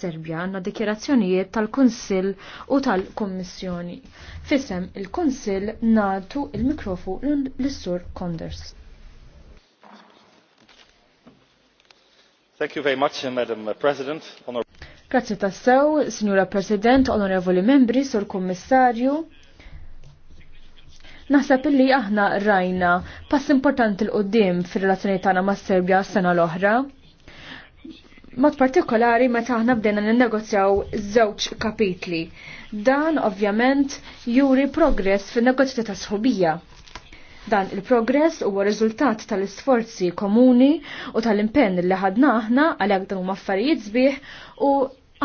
Serbja għandna dikjerazzjonijiet tal-Kunsill u tal-Kommissjoni. Fisem il-Kunsill natu il-mikrofu l-Sur Konders. Thank you very much, Madam President. Honor Grazie tassew, Signora President, Onorevoli Membri, Sur Kommissarju. Naħseb illi aħna rajna pass importanti l-qoddim fir-relazzjoni tagħna mas-Serbja s-sena l-oħra mod partikolari meta aħna bdejna ninnegozjaw żewġ kapitli. Dan ovvjament juri progress fin negozju ta' sħubija. Dan il-progress huwa riżultat tal-isforzi komuni u tal-impenn li ħadna aħna għal dan huma affarijiet sbieħ u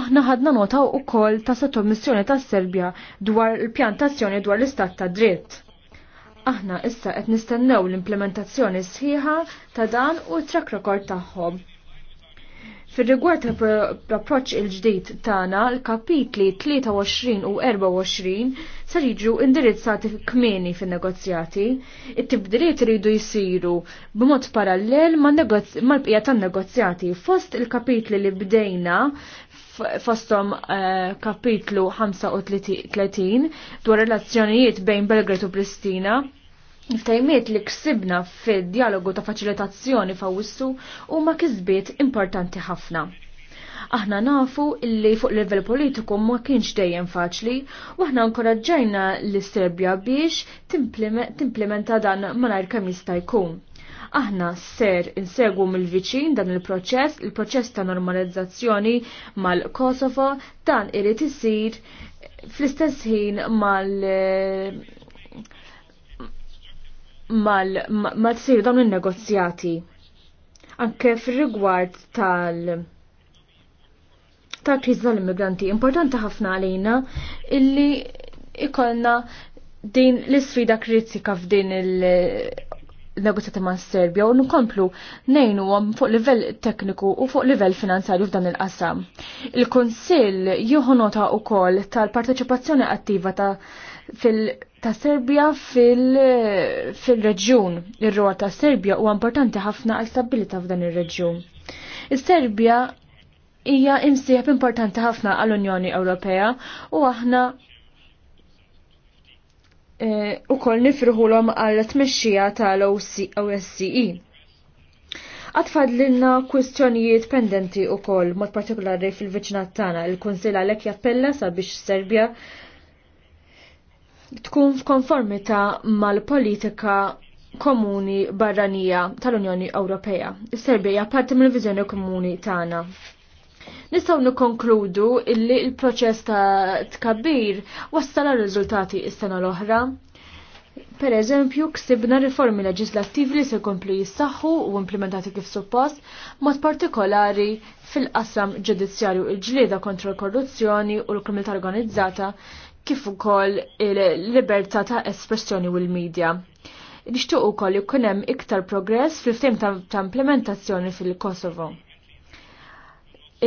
aħna ħadna nota wkoll ta' sottomissjoni tas-Serbja dwar il-pjantazzjoni dwar l-istat ta' dritt aħna issa qed nistennew l-implementazzjoni sħiħa ta' dan u track record tagħhom. Fil-rigward l-approċ il-ġdid tagħna, l-kapitli 23 u 24 sar jiġu indirizzati kmieni fin-negozjati. It-tibdiliet iridu jisiru b'mod parallel mal-bqija tan-negozjati fost il-kapitli li bdejna fostom uh, eh, kapitlu 35 dwar relazzjonijiet bejn Belgrad u Pristina Il-tajmiet li ksibna fid-dialogu ta' faċilitazzjoni u huma kisbiet importanti ħafna. Aħna nafu illi fuq level politiku ma kienx dejjem faċli u aħna nkoraġġajna l serbja biex timplementa dan malajr kemm jista' jkun aħna ser insegwu mill-viċin dan il-proċess, il-proċess ta' normalizzazzjoni mal-Kosovo, dan irid isir fl-istess ħin mal- mal ma tsir dawn il-negozjati anke fir-rigward tal tal-kriż tal-immigranti importanti ħafna għalina illi ikolna din l-isfida kritika f'din il-negozjati ma' Serbja u nkomplu nejnu fuq livell tekniku u fuq livell finanzarju f'dan il-qasam. il kunsill juħonota nota kol tal-parteċipazzjoni attiva ta' fil- ta' Serbia fil-reġjun. Fil Ir-rol ta' Serbja huwa importanti ħafna għal stabilita f'dan ir-reġjun. Is-Serbja hija imsieħab importanti ħafna għall-Unjoni Ewropea u aħna e, u koll nifruħulom għal tmexxija tal-OSCE. Għatfad l-inna kwistjonijiet pendenti u koll, mod partikolari fil-vicinat tana, il-Konsil għalek jappella sabiex Serbia tkun f'konformità mal-politika komuni barranija tal-Unjoni Ewropea. Is-Serbija parti mill-viżjoni komuni tagħna. Nistgħu nikkonkludu illi l-proċess ta' tkabbir wassal riżultati is-sena l-oħra. Per eżempju, ksibna riformi leġislattivi li se komplu jissaħħu u implementati kif suppost, mod partikolari fil-qasam ġudizzjarju il-ġlieda kontra l-korruzzjoni u l-kriminalità organizzata kif ukoll il-libertà ta' espressjoni u l-medja. Nixtuq ukoll ikun hemm iktar progress fil-ftehim ta' implementazzjoni fil-Kosovo.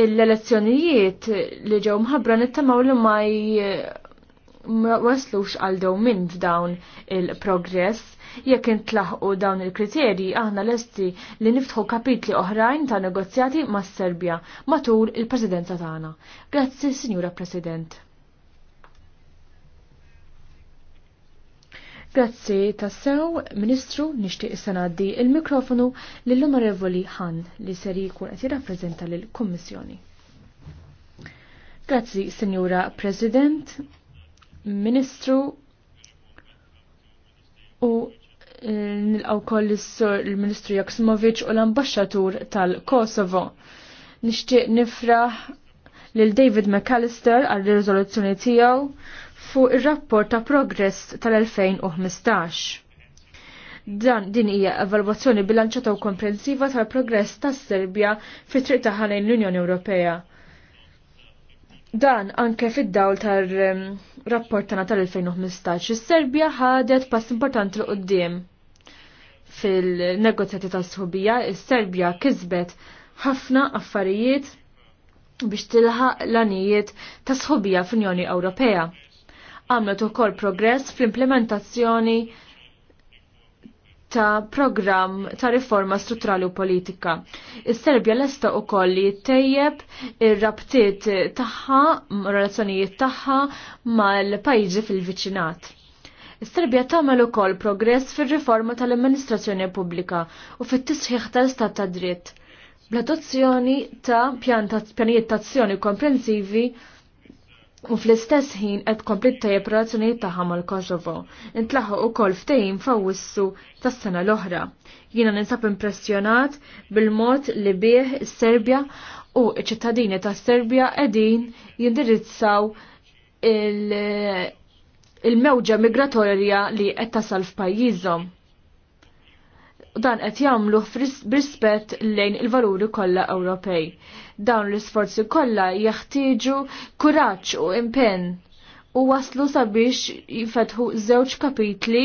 L-elezzjonijiet li ġew mħabbra nittamaw li ma waslux għal dew minn f'dawn il-progress, jekk intlaħqu dawn il-kriterji aħna lesti li niftħu kapitli oħrajn ta' negozjati mas serbja matul il-Presidenza tagħna. Grazzi, Sinjura President. Grazzi tassew, Ministru, nixtieq sanaddi il-mikrofonu lill-Onorevoli Han li ser jkun qed jirrappreżenta lill-Kummissjoni. Grazzi, Sinjura President, Ministru u eh, nilqaw koll il-Ministru Jaksimovic u l-Ambasċatur tal-Kosovo. Nixtieq nifraħ lil David McAllister għal riżoluzzjoni tiegħu fuq ir-rapport ta' progress tal-2015. Dan din hija evalwazzjoni bilanċata u komprensiva tal-progress tas-Serbja fit-triq ta' ħalejn l-Unjoni Ewropea. Dan anke fid-dawl tar-rapport tagħna tal-2015, is-Serbja ħadet pass importanti l qudiem fil-negozjati tas-sħubija, is-Serbja kisbet ħafna affarijiet biex tilħaq l-anijiet ta' sħobija fl-Unjoni Ewropea għamlet ukoll progress fl-implementazzjoni ta' program ta' riforma strutturali u politika. Is-Serbja lesta u koll li jittejjeb ir-rabtiet tagħha, relazzjonijiet tagħha mal-pajjiżi fil-viċinat. Is-Serbja tagħmel ukoll progress fir-riforma tal-amministrazzjoni pubblika u fit-tisħiħ tal-istat ta' dritt. Bl-adozzjoni ta' pjanijiet tazzjoni komprensivi U fl-istess ħin qed kompli tajjeb relazzjonijiet tagħha mal-Kosovo. Intlaħħu wkoll ftehim fawissu tas-sena l-oħra. Jiena ninsab impressjonat bil-mod li bih is-Serbja u ċ-ċittadini tas-Serbja qegħdin jindirizzaw il- il-mewġa migratorja li qed tasal f'pajjiżhom dan qed jagħmluh b'rispett lejn il-valuri kollha Ewropej. Dawn l-isforzi kollha jeħtieġu kuraġġ u impenn u waslu sabiex jifetħu żewġ kapitli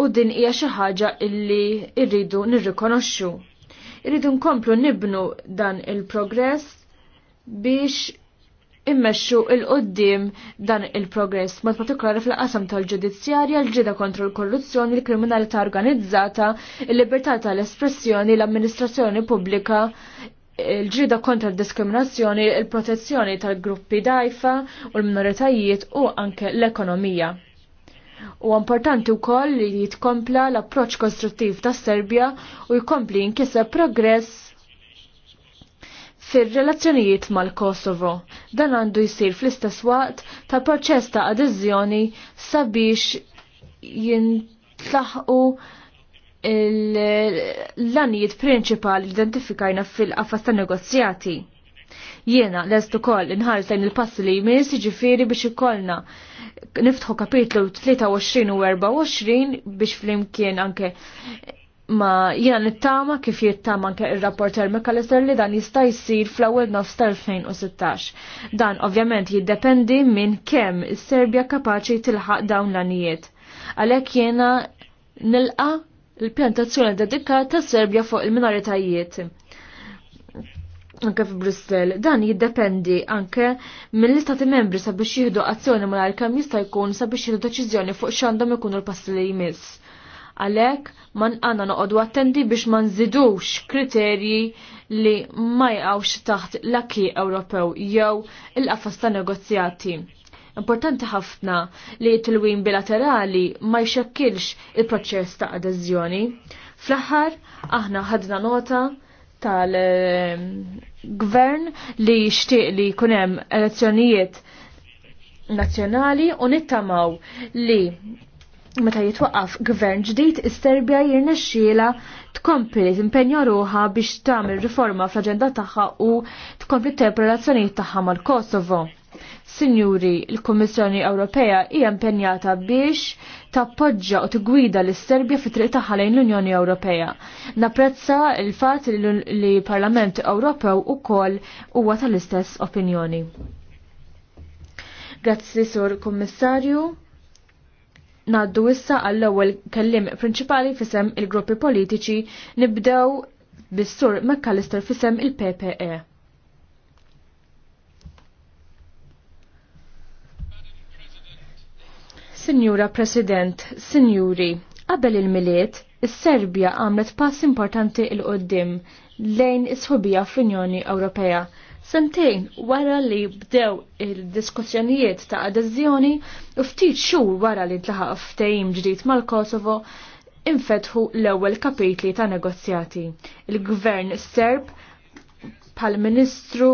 u din hija xi ħaġa illi rridu nirrikonoxxu. Irridu nkomplu nibnu dan il-progress biex immexxu il-qoddim dan il-progress, mod partikolari fl qasam tal-ġudizzjarja, l-ġida kontra l-korruzzjoni, l-kriminalità organizzata, il-libertà tal-espressjoni, l-amministrazzjoni pubblika, il-ġida kontra l-diskriminazzjoni, il-protezzjoni tal-gruppi dajfa u l-minoritajiet u anke l-ekonomija. U importanti wkoll li jitkompla l-approċ kostruttiv ta' Serbja u jkompli jinkiseb progress fir-relazzjonijiet mal-Kosovo. Dan għandu jisir fl-istess waqt ta' proċess ta' adeżjoni sabiex jintlaħqu l-lanijiet prinċipali identifikajna fil-qafas ta' negozjati. Jiena lest ukoll inħares lejn il-passi li jmiss jiġifieri biex ikollna niftħu kapitlu 23 u 24 biex flimkien anke ma jiena nittama kif jittama anke ir-rapporter McAllister li dan jista' jsir fl-ewwel nofs tal-2016. Dan ovvjament jiddependi minn kemm is-Serbja kapaċi tilħaq dawn l-anijiet. Għalhekk jiena nilqa l-pjantazzjoni dedikata tas Serbja fuq il-minoritajiet. Anke f'Brussel, dan jiddependi anke mill-istati membri sabiex jieħdu azzjoni mal kemm jista' jkun sabiex jieħdu deċiżjoni fuq x'għandhom ikunu l-passi li jmiss Għalek, man għanna noqodu attendi biex ma nżidux kriterji li ma jgħawx taħt l-akki Ewropew jew il-qafas ta' negozjati. Importanti ħafna li t-tilwim bilaterali ma jxekkilx il-proċess ta' adeżjoni. Fl-aħħar, aħna ħadna nota tal-gvern li jixtieq li kunem elezzjonijiet nazzjonali u nittamaw li Meta jitwaqqaf gvern ġdid, is-Serbja jirnexxiela tkompli timpenja ruha biex tagħmel riforma fl-aġenda tagħha u tkompli tep relazzjonijiet tagħha mal-Kosovo. Sinjuri, il-Kommissjoni Ewropea hija impenjata biex tappoġġa u tigwida l-Serbja fi triq tagħha lejn l-Unjoni Ewropea. Napprezza l-fatt li Parlament Ewropew ukoll huwa tal-istess opinjoni. Grazzi Sur Kummissarju. Naddu issa għall-ewwel kellim prinċipali fisem il-gruppi politiċi nibdew bis-sur McAllister fisem il-PPE. Sinjura President, Sinjuri, qabel il-miliet, is-Serbja għamlet pass importanti il-qoddim lejn is-sħubija fl-Unjoni Ewropea Sentejn wara li bdew il-diskussjonijiet ta' adeżjoni u ftit xhur wara li tlaħaq ftehim ġdid mal-Kosovo infetħu l-ewwel kapitli ta' negozjati. Il-Gvern Serb pal-Ministru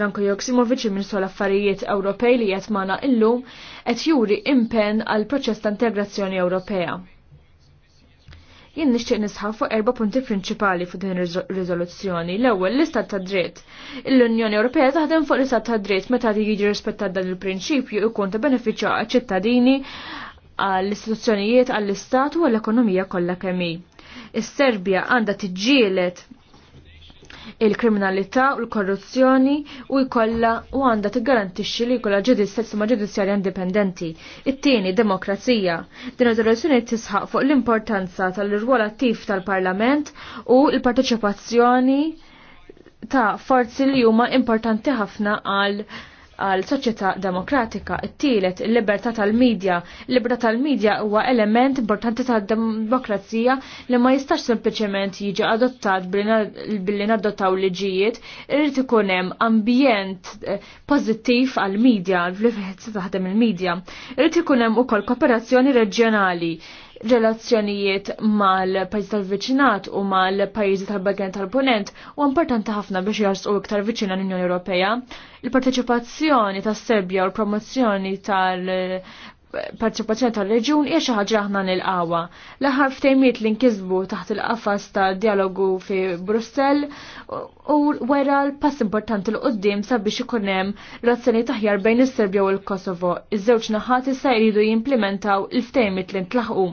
Dranko Joksimovic, il-Ministru l-Affarijiet Ewropej li jatmana illum, qed juri impenn għal proċess ta' integrazzjoni Ewropea. Jien nixtieq nisħaw fuq erba' punti prinċipali fuq din riżoluzzjoni. L-ewwel l-istat ta' dritt. L-Unjoni Ewropea taħdem fuq l-istat ta' dritt meta jiġi rispettat dan il-prinċipju ikun ta' benefiċċju għaċ-ċittadini għall-istituzzjonijiet għall-istat u għall-ekonomija kollha kemm Is-Serbja għandha tiġġielet il-kriminalità u l-korruzzjoni u jkollha u għandha tiggarantixxi li jkollha ġudis sistema ġudizzjarja indipendenti. It-tieni demokrazija. Din ir-riżoluzzjoni tisħaq fuq l-importanza tal-irwol attiv tal-Parlament u l-parteċipazzjoni ta' forzi li huma importanti ħafna għal għal soċjetà demokratika. It-tielet, il-libertà tal-medja. Libertà tal-medja huwa element importanti tad-demokrazija li ma jistax sempliċement jiġi adottat billi nadottaw liġijiet, irid ikun hemm ambjent eh, pożittiv għal-medja, l-flifħet taħdem il-medja. Irid ikun hemm ukoll kooperazzjoni reġjonali relazzjonijiet mal-pajjiż tal-viċinat u mal-pajjiżi tal-Balkan tal-Ponent u importanti ħafna biex jarsqu iktar viċina l-Unjoni Ewropea. Il-parteċipazzjoni tas-Serbja u l-promozzjoni tal- parċipazzjoni tal-reġjun hija xi ħaġa aħna nilqawha. L-aħħar ftejmiet li nkisbu taħt il-qafas ta' dialogu fi Brussell u wera l-pass importanti l qoddim sabiex ikun hemm relazzjonijiet aħjar bejn is-Serbja u l-Kosovo. Iż-żewġ naħat issa jridu jimplementaw il-ftejmiet li ntlaħqu.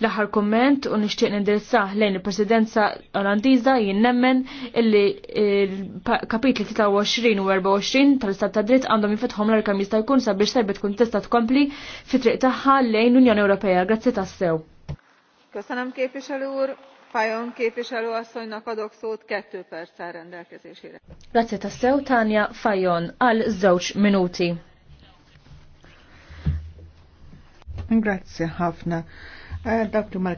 L-aħħar komment u nixtieq nindirizzah lejn il-Presidenza Olandiża jien nemmen illi il-kapitli 23 u 24 tal-Istat ta' Dritt għandhom jifetħom l-arkam jista' jkun sabiex serbet tkun tista' tkompli fit-triq tagħha lejn Unjoni Ewropea. Grazzi tassew. Köszönöm képviselő úr. Fajon képviselő asszonynak adok szót kettő perccel rendelkezésére. Grazie tassew Tanja Fajon għal żewġ minuti. Grazie ħafna. Eh, Dr. li mal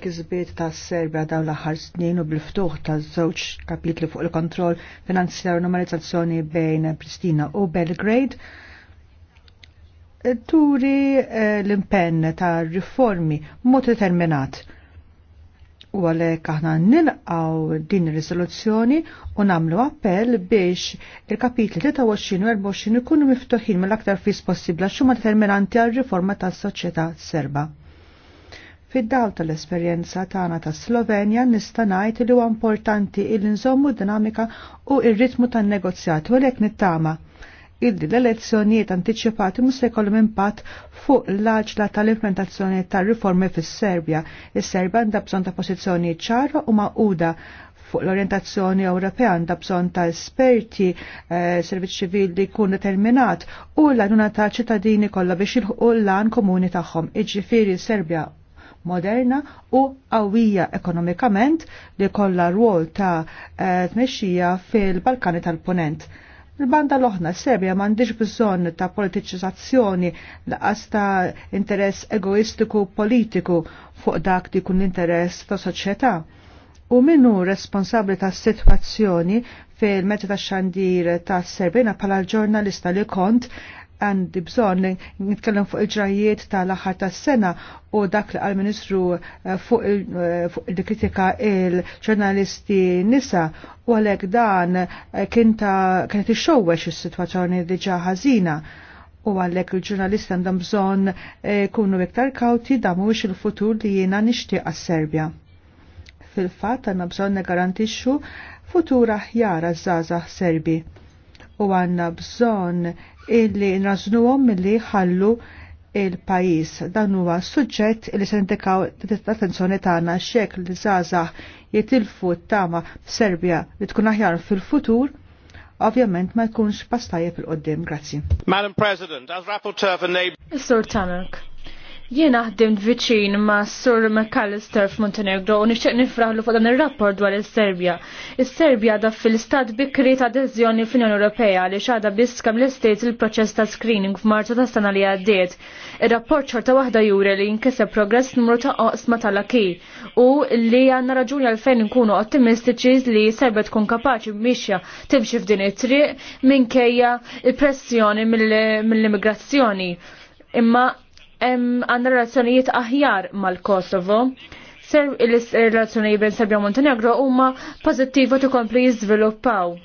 ta' Serbia dawn l-aħħar snin u bil-ftuħ ta' żewġ kapitli fuq il-kontroll finanzjar u normalizzazzjoni bejn Pristina u Belgrade turi eh, l-impenn ta' riformi mod determinat. U għalhekk aħna nilqaw din ir-riżoluzzjoni u nagħmlu appell biex il-kapitli 23 u 24 ikunu miftuħin mill-aktar fis possibla xumma determinanti għal riforma tas-soċjetà serba fid daw tal-esperjenza tagħna ta' Slovenja nista' ngħid li huwa importanti il nżommu dinamika u r-ritmu tan-negozjat u lek nittama illi l-elezzjonijiet antiċipati mhux se jkollhom impatt fuq l-għaġla tal-implementazzjoni tar-riformi fis-Serbja. Is-Serbja għandha bżonn ta' pożizzjonijiet ċara u maquda fuq l-orientazzjoni Ewropea għandha bżonn ta' esperti, eh, servizz ċivili jkun determinat u l-għanuna ta' ċittadini kollha biex jilħqu l-lan komuni tagħhom. Iġifieri Serbja moderna u qawwija ekonomikament li kollha rwol ta' eh, tmexxija fil-Balkani tal-Ponent. Il-banda l-oħna Serbia m'għandix bżonn ta' politiċizzazzjoni laqas ta' interess egoistiku politiku fuq dak li kun interess ta' soċjetà. U minnu responsabli ta' situazzjoni fil-mezzi ta' xandir ta' Serbina pala ġurnalista li kont għandi bżon nitkellem fuq il-ġrajiet tal-aħħar tas-sena u dak li għal-Ministru eh, fuq il-kritika eh, il-ġurnalisti nisa u għalhekk dan eh, kien kienet ixxowwex is-sitwazzjoni diġà ħażina u għalek il ġurnalisti għandhom bżon kunu iktar kawti da mux il-futur li jiena nishtiq għas-Serbja. Fil-fat għanna bżon negarantixxu futur aħjar għaż-żazax Serbi u għanna bżon illi mill milli ħallu il-pajis. Dan huwa suġġett li se nintekaw l-attenzjoni tagħna xekk li żgħażagħ jitilfu t-tama f'Serbja li tkun aħjar fil-futur ovvjament ma jkunx pastajja fil-qoddim. Grazzi. Madam President, as Rapporteur for Neighbor... Sir Tanak, Jiena ħdimt viċin ma' Sur McAllister f'Montenegro u nixtieq nifraħlu fuq dan ir-rapport dwar is-Serbja. Is-Serbja daf fil-istat bikri ta' adeżjoni fl-Unjoni Ewropea li xada biss kemm l-istat il-proċess ta' screening f'Marzu ta' sena li għaddiet. Ir-rapport xorta waħda juri li jinkiseb progress numru ta' oqsma tal-aki u li għandna raġuni għalfejn nkunu ottimistiċi li Serbja tkun kapaċi mmixja timxi f'din it-triq minkejja il-pressjoni mill-immigrazzjoni. Imma għandna relazzjonijiet aħjar mal-Kosovo. Ser il-relazzjonijiet bejn Serbja u Montenegro huma pożittivi u tkompli jiżviluppaw.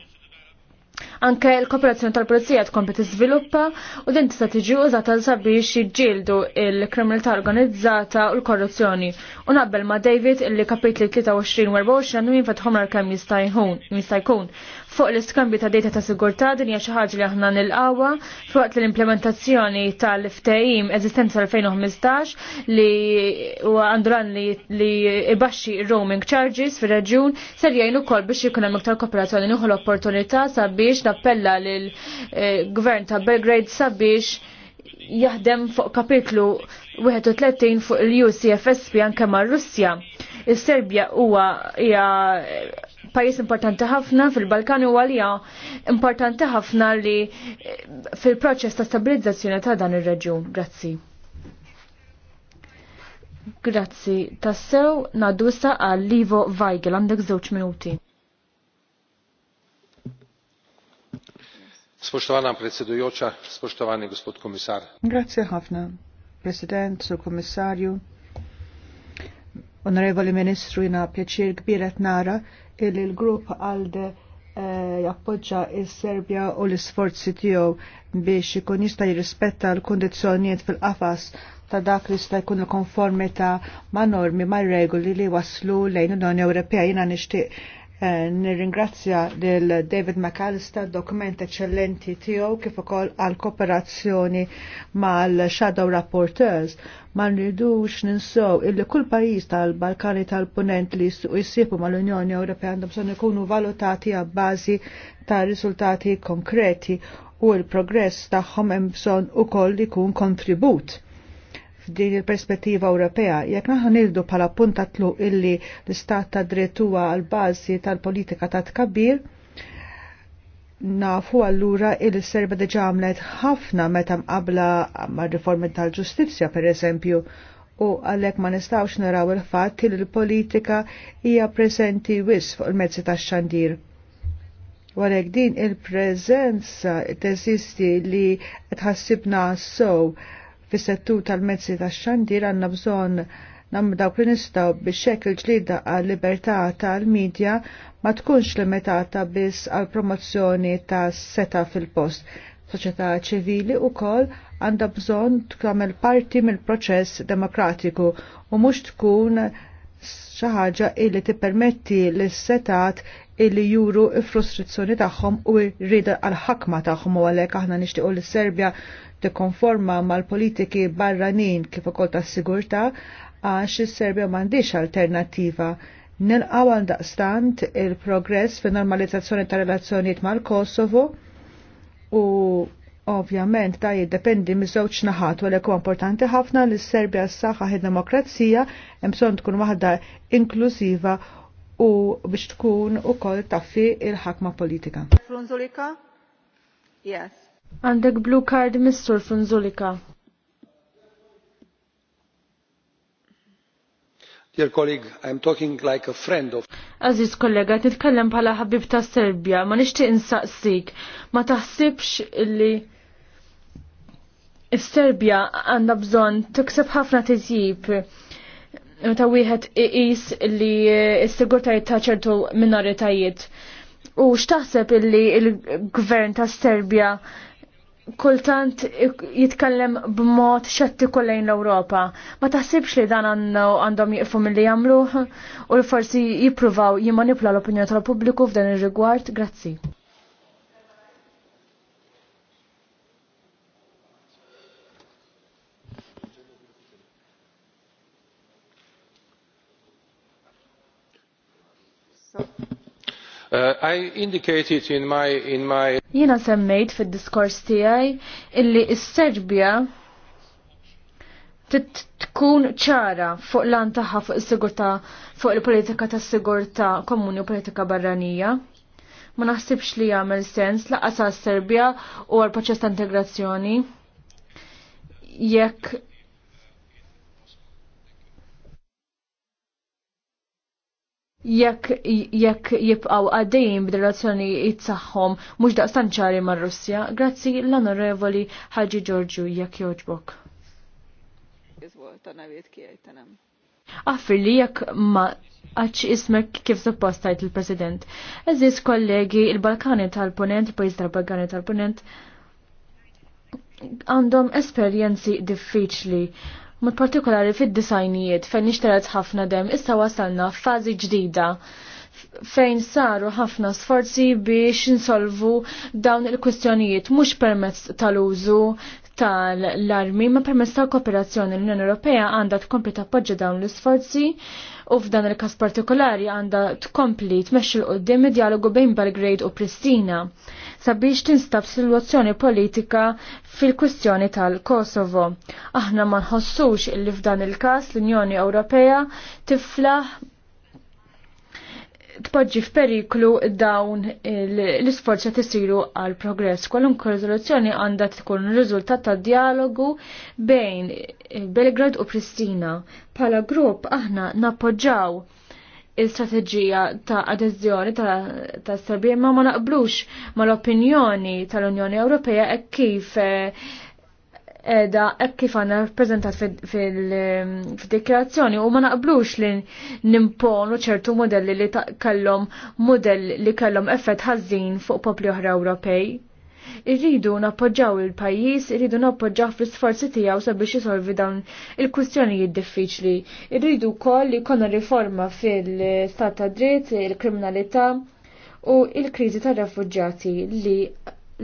Anke l-kooperazzjoni tal-polizija tkompli tiżviluppa u din tista' tiġi użata sabiex jiġġieldu l kriminalità organizzata u l-korruzzjoni. U nabbel ma' David illi kapitli 23 u 24 għandu jinfetħom l-kem jista' jkun fuq l-iskambju ta' data ta' sigurtà din hija xi ħaġa li aħna nilqawha fuq l-implementazzjoni tal-ftehim eżistenza tal-2015 li huwa għandu li ibaxxi roaming charges fir-reġjun ser jgħin ukoll biex jkun hemm iktar kooperazzjoni nieħu l-opportunità sabiex nappella lil eh, gvern ta' Belgrade sabiex jaħdem fuq kapitlu 31 fuq il-UCFSP anke mar-Russja. Is-Serbja huwa hija pajis importanti ħafna fil-Balkani u għalija importanti ħafna li eh, fil-proċess ta' stabilizzazzjoni ta' dan ir-reġjun. Grazzi. Grazzi. Tassew nadusa għal Livo Weigel għandek żewġ minuti. Spoštovana predsedujoča, spoštovani gospod komisar. Grazie ħafna, president, su komisarju, Onorevoli Ministru, jina pjaċir kbiret nara illi l-grupp għalde eh, jappoġġa il-Serbja u l-isforzi tiegħu biex ikun jista' jirrispetta l-kundizzjonijiet fil-qafas ta' dak li jista' jkun il-konformità ma' normi ma' regoli li waslu lejn l-Unjoni Ewropea jiena nixtieq Eh, nirringrazzja lil David McAllister dokument eccellenti tiegħu kif ukoll għal kooperazzjoni mal-Shadow Rapporteurs ma nridux ninsew illi kull pajjiż tal-Balkani tal-Punent li jsibu mal-Unjoni Ewropea għandhom bżonn ikunu valutati għabbażi ta' riżultati konkreti u l-progress tagħhom hemm bżonn ukoll ikun kontribut f'din il-perspettiva Ewropea, jekk naħna nildu bħala punta tlu illi l-istat ta' dritt huwa l-bażi tal-politika ta' tkabbir, nafu allura il-serba deġa għamlet ħafna meta mqabla ma' riformi tal-ġustizzja per eżempju, u għalek ma nistawx naraw il-fatt li l-politika hija preżenti wis fuq il-mezzi tax-xandir. Warek din il-preżenza teżisti li tħassibna sow fis-settur tal-mezzi tax-xandir għanna bżonn nam dawk li nistgħu biex hekk il-ġlida għal libertà tal-medja ma tkunx limitata biss għal promozzjoni ta' seta fil-post. Soċjetà ċivili wkoll għandha bżonn tagħmel parti mill-proċess demokratiku u mhux tkun xaħġa ħaġa illi tippermetti lis setat illi juru frustrazzjoni tagħhom u rrida għal-ħakma tagħhom u għalhekk aħna nixtiequ li Serbja tikkonforma mal-politiki barranin kif ukoll tas-sigurtà għax is-Serbja m'għandix alternattiva Nilqaw għal daqstant il-progress fi normalizzazzjoni ta' relazzjoniet mal-Kosovo u ovvjament ta' jiddependi miż-żewġ naħat u huwa importanti ħafna li s-Serbja s-saħħa demokrazija hemm bżonn tkun waħda inklużiva u biex tkun u koll taffi il-ħakma politika. Frunzulika? Yes. Għandek blue card Mr. Frunzulika. Dear colleague, I'm talking like a friend of... Aziz kollega, titkellem pala ħabib ta' Serbia, ma nixtieq insaqsik, ma taħsibx illi Serbia għandha bżonn tikseb ħafna tiżjib meta wieħed iqis li eh, s-sigurtajiet ta' ċertu minoritajiet. U x'taħseb illi il-gvern ta' Serbja kultant jitkellem b'mod xettiku lejn l-Ewropa. Ma taħsibx li dan għandhom jiqfu mill-li jagħmluh u forsi jippruvaw jimmanipla l-opinjoni tal-pubbliku f'dan ir-rigward? Grazzi. Uh, I indicated in my in my Jiena semmejt fid-diskors tiegħi illi s-Serbja tkun ċara fuq lan tagħha fuq is-sigurtà fuq il-politika tas-sigurtà komuni u politika barranija. Ma naħsibx li jagħmel sens laqas s serbja u għall proċess ta' integrazzjoni jekk jekk jekk jibqaw għadejn b'relazzjoni tagħhom mhux daqstan ċari mar-Russja. Grazzi l-Onorevoli Ħaġi Ġorġu jekk jogħġbok. li jekk ma għax ismek kif suppostajt il-President. Eżis kollegi, il-Balkani tal-Ponent, il-Pajis tal-Balkani tal-Ponent, għandhom esperjenzi diffiċli mod partikolari fid-disajnijiet fejn nixtaret ħafna dem issa wasalna f'fażi ġdida fejn saru ħafna sforzi biex insolvu dawn il-kwistjonijiet mhux permezz tal-użu tal-armi ma permezz tal-kooperazzjoni l-Unjoni Ewropea għandha tkompli tappoġġa dawn l-isforzi u f'dan il-kas partikolari għanda tkompli tmexxi l-qoddim dialogu bejn Belgrade u Pristina sabiex tinstab silwazzjoni politika fil-kwistjoni tal-Kosovo. Aħna ma nħossux illi f'dan il-kas l-Unjoni Ewropea tiflaħ tpoġġi f'periklu dawn l-isforzi qed isiru għal progress. Kwalunkwe riżoluzzjoni għandha tkun riżultat ta' dialogu bejn Belgrad u Pristina. Pala grupp aħna nappoġġaw il-strateġija ta' adeżjoni ta' Serbija ma ma naqblux mal opinjoni tal-Unjoni Ewropea e kif eh, edha hekk kif għandna prezentat fil-dikrazzjoni um, u ma naqblux li nimponu ċertu modelli li kellhom modell li kellhom effett ħażin fuq popli oħra Ewropej. Irridu nappoġġaw il-pajjiż, irridu nappoġġaw fl-isforzi tiegħu sabiex isolvi dawn il-kwistjonijiet diffiċli. Irridu wkoll li jkollna riforma fil-stat ta' dritt, il-kriminalità u il-kriżi tar-refuġġjati li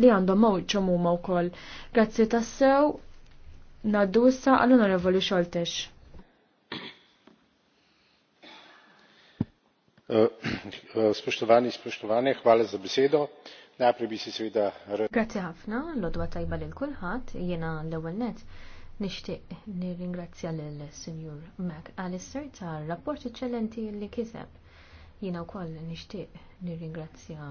li għandhom mawċ ċomuma mawkol. Grazzi tassew. Naddu issa għall-Onorevoli Xoltex. Eh, eh, spoštovani, spoštovane, hvala za besedo. Najprej bi si seveda... Grazie ħafna, l-odwa tajba lil kulħadd, jiena l-ewwel net. Nixtieq nirringrazzja senjur Sinjur Alistair tar rapport eċċellenti li kiseb. Jiena wkoll nixtieq nirringrazzja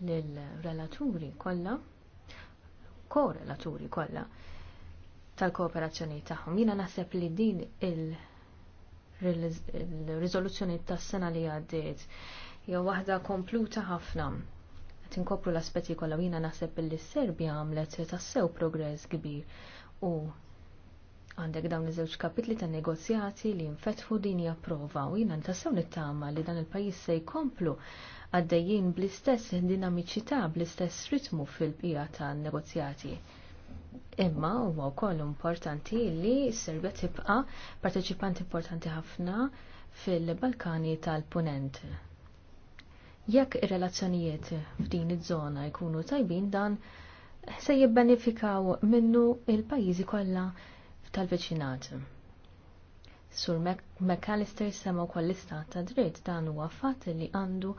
l relaturi kollha korrelaturi kollha tal-kooperazzjoni tagħhom. Jiena naħseb li din il-riżoluzzjoni tas-sena li għaddiet jew waħda kompluta ħafna qed inkopru l-aspetti kollha jiena naħseb li s-Serbja għamlet tassew progress kbir u għandek dawn iż-żewġ kapitli ta' negozjati li nfetħu din hija prova u jiena tassew nittama li dan il-pajjiż se jkomplu għaddejjien bl-istess dinamiċità, bl-istess ritmu fil-bqija tan negozjati. Imma huwa wkoll importanti li s-Serbja tibqa parteċipant importanti ħafna fil-Balkani tal-Punent. Jekk ir-relazzjonijiet f'din iż-żona jkunu tajbin dan se jibbenefikaw minnu il-pajjiżi kollha tal-viċinat. Sur McAllister sema kwa l-istat ta' dritt dan huwa fatt li għandu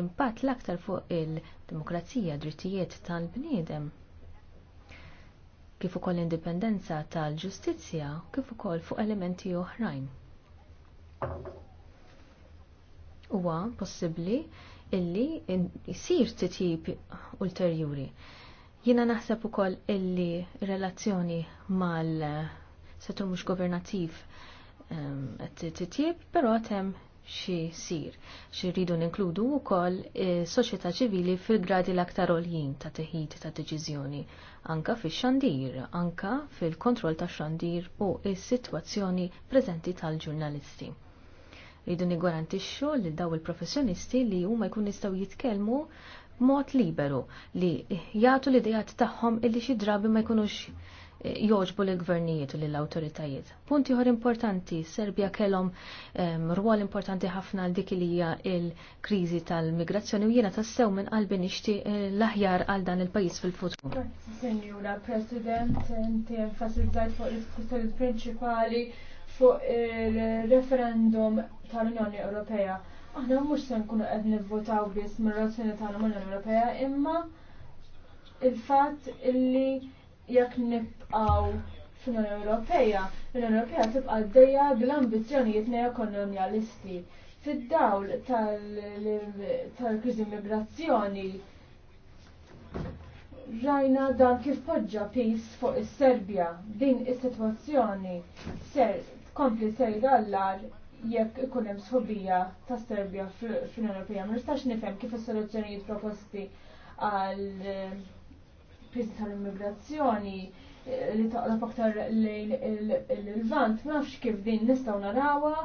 impatt l-aktar fuq il-demokrazija drittijiet tal-bniedem kif ukoll indipendenza tal-ġustizzja kif ukoll fuq elementi oħrajn. Huwa possibbli illi jisir titjib ulterjuri. Jiena naħseb ukoll illi relazzjoni mal-settur mhux governattiv titjib, pero għatem xie sir. Xie rridu ninkludu u koll eh, soċieta ċivili fil-gradi l-aktar oljien ta' teħid ta' deċizjoni, anka fix xandir anka fil-kontroll ta' xandir u is-situazzjoni prezenti tal-ġurnalisti. Rridu nigarantixxu li daw il-professjonisti li huma jkun jistgħu jitkellmu mod liberu li jagħtu l-idejat tagħhom illi xi drabi ma jkunux joġbu l-gvernijiet u l-autoritajiet. Punti ħor importanti, Serbia kellhom rwol importanti ħafna għal dik li hija l-kriżi tal-migrazzjoni u jiena tassew minn qalbi nixti eh, l-aħjar għal dan il-pajjiż fil-futur. Sinjura President, inti enfasizzajt fuq il-kwistjoni prinċipali fuq il-referendum tal-Unjoni Ewropea. Aħna mhux se nkunu qed nivvotaw biss mir-razzjoni tal-Unjoni Ewropea, imma il-fatt illi jekk nibqaw fl-Unjoni Ewropea. L-Unjoni Ewropea tibqa' dejja bl-ambizzjonijiet neokolonjalisti. Fid-dawl tal-kriżi migrazzjoni rajna dan kif poġġa pis fuq is-Serbja. Din is-sitwazzjoni ser tkompli ser dallar jekk ikun hemm sħobija ta' Serbja fl-Unjoni Ewropea. Ma nistax nifhem kif is-soluzzjonijiet proposti għal eh, kriżi tal-immigrazzjoni li taqlab aktar lejn il-vant, ma nafx kif din nistaw narawa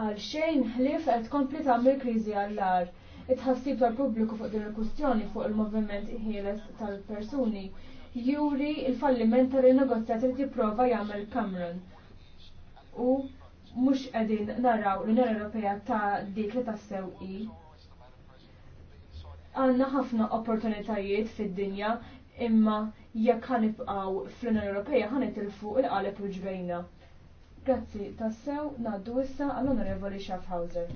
għal xejn ħlif qed tkompli tagħmel kriżi għall-ar. it tal-pubbliku fuq din il-kustjoni fuq il-moviment ħieles tal-persuni juri il-falliment tal-negozjat li prova jagħmel Cameron. U mhux qegħdin naraw l-Unjoni Ewropea ta' dik li tassew i għanna ħafna opportunitajiet fid-dinja imma jekk ħanibqgħu fl-Unjoni Ewropea ħanitilfu il-qalep u ġbejna. Grazzi, tassew naddu issa għall-Onorevoli Schaffhauser.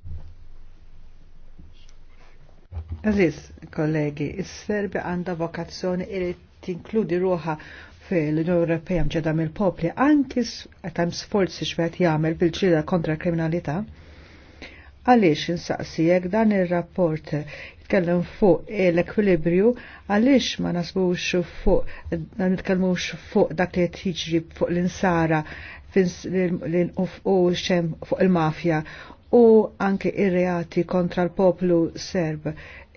Aziz, kollegi, is-Serbi għandha vokazzjoni irid tinkludi ruħa fil-Unjoni Ewropea mġedam mill-popli anki għetam sforzi xwet jagħmel bil ġrida kontra kriminalità Għaliex insaqsijek dan ir-rapport jitkellem fuq l-ekwilibrju għaliex ma nasbux fuq, ma nitkellmux fuq dak li jtħiġri fuq l-insara fuq il-mafja u anke ir-reati kontra l-poplu serb.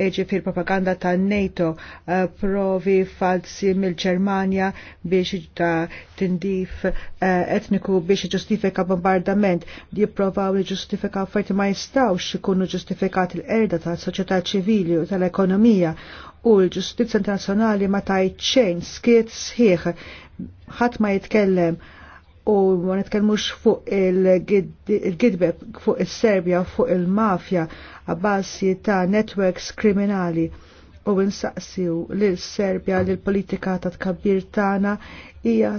E fil propaganda ta' NATO eh, provi falsi mill-Ġermanja biex ta' tindif eh, etniku biex ġustifika bombardament jipprovaw li ġustifika ferti ma jistawx ikunu ġustifikat l-erda ta' soċjetà ċivili u tal-ekonomija u l-ġustizja internazzjonali ma tajt skiet sħiħ ħadd ma jitkellem u ma nitkellmux fuq il-gidbeb, fuq il-Serbja, fuq il-mafja, għabassi ta' networks kriminali u nsaqsiw lil serbja li l-politika ta' tkabbir tagħna hija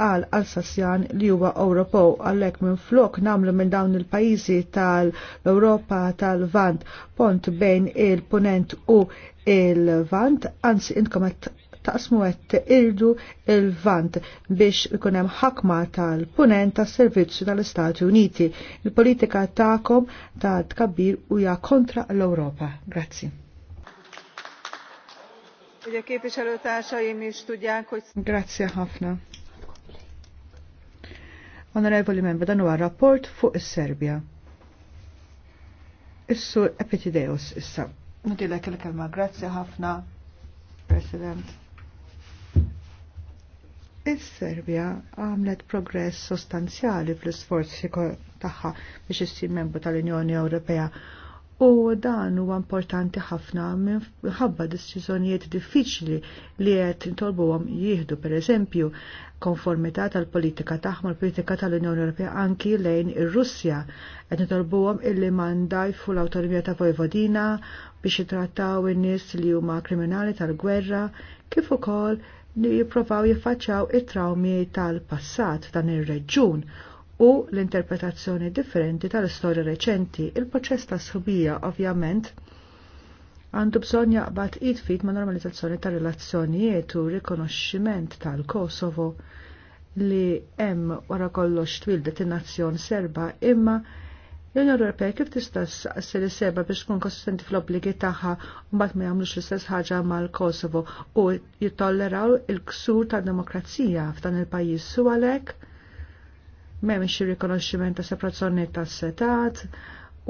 għal Alsasjan li huwa Ewropew għalhekk minn flok nagħmlu minn dawn il-pajjiżi tal-Ewropa tal-Vant pont bejn il-Punent u il-Vant, anzi intkom qed taqsmu qed irdu il-vant biex ikun hemm ħakma tal-punent tas-servizzu tal-Istati Uniti. Il-politika tagħkom ta' tkabbir ja kontra l-Ewropa. Grazzi. Ugye ħafna. Grazie, Onorevoli membri, dan huwa rapport fuq is-Serbja. Is-sur Epitideus issa. Nudilek il-kelma, grazzi ħafna, President. Is-Serbja għamlet progress sostanzjali fl-isforzi tagħha biex issir membru tal-Unjoni Ewropea u dan huwa importanti ħafna minħabba deċiżjonijiet diffiċli li qed intolbuhom jieħdu pereżempju konformità tal-politika tagħhom l-politika tal-Unjoni Ewropea anki lejn ir-Russja qed intolbuhom illi jfu l-awtonomija ta' Vojvodina biex jitrattaw in-nies li huma kriminali tal-gwerra kif ukoll li jipprovaw jiffaċċaw it traumi tal-passat dan ir-reġun u l-interpretazzjoni differenti tal-istorja reċenti. Il-proċess ta' sħubija ovvjament għandu bżonn jaqbad id-fit ma' normalizzazzjoni ta' relazzjonijiet u rikonoxximent tal-Kosovo li hemm wara kollox twildet in-nazzjon serba imma L-Unjoni kif tista' s li seba biex tkun konsistenti fl-obbligi tagħha u mbagħad ma jagħmlux l-istess ħaġa mal-Kosovo u jittolleraw il-ksur tad demokrazija f'dan il-pajjiż su għalhekk m'hemmx xi rikonoxximent ta' separazzjoni tas-setat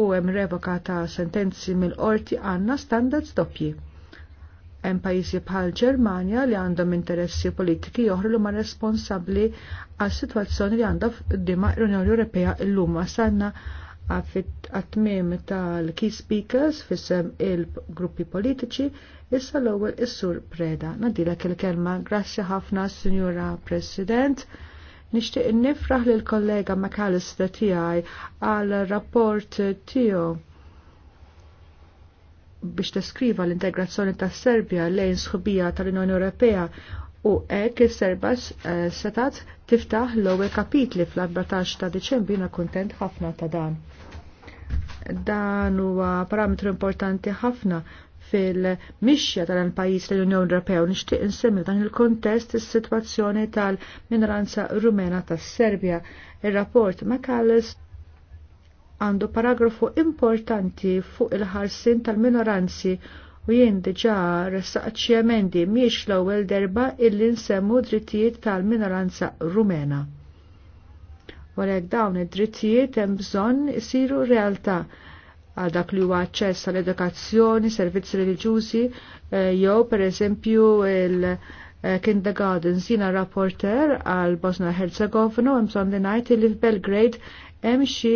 u hemm revoka ta' sentenzi mill-qorti għandna standards doppji. Hemm pajjiżi bħal Ġermanja li għandhom interessi politiki joħru li huma responsabbli għas-sitwazzjoni li għandha f'dima l-Unjoni Ewropea llum sanna għat-tmim tal-key speakers fissem il-gruppi politiċi issa l-ewwel is-sur Preda. Nadilek il-kelma grazzi ħafna Signora President. Nixtieq nifraħ lil kollega McAllister tiegħi għal rapport tiegħu biex teskriva l-integrazzjoni tas Serbja lejn sħubija tal-Unjoni Ewropea u hekk is-serbas eh, setat tiftaħ l-ewwel kapitli fl-14 ta' Diċembru na kuntent ħafna ta' dan. Dan huwa parametru importanti ħafna fil-mixja tal-pajis l-Unjoni Ewropew nixtieq insemmi dan il-kontest is-sitwazzjoni tal-minoranza rumena tas-Serbja. Ir-rapport Makales għandu paragrafu importanti fuq il-ħarsin tal-minoranzi u jien diġa ressaqt xi l-ewwel derba illi nsemmu drittijiet tal-minoranza rumena. Walek dawn id-drittijiet hemm bżonn isiru realtà għal dak li huwa aċċess għall edukazzjoni servizzi reliġjużi, eh, jew pereżempju il- eh, kindergarten jina rapporter għal Bosna Herzegovina u mson li najt li f'Belgrade hemm xi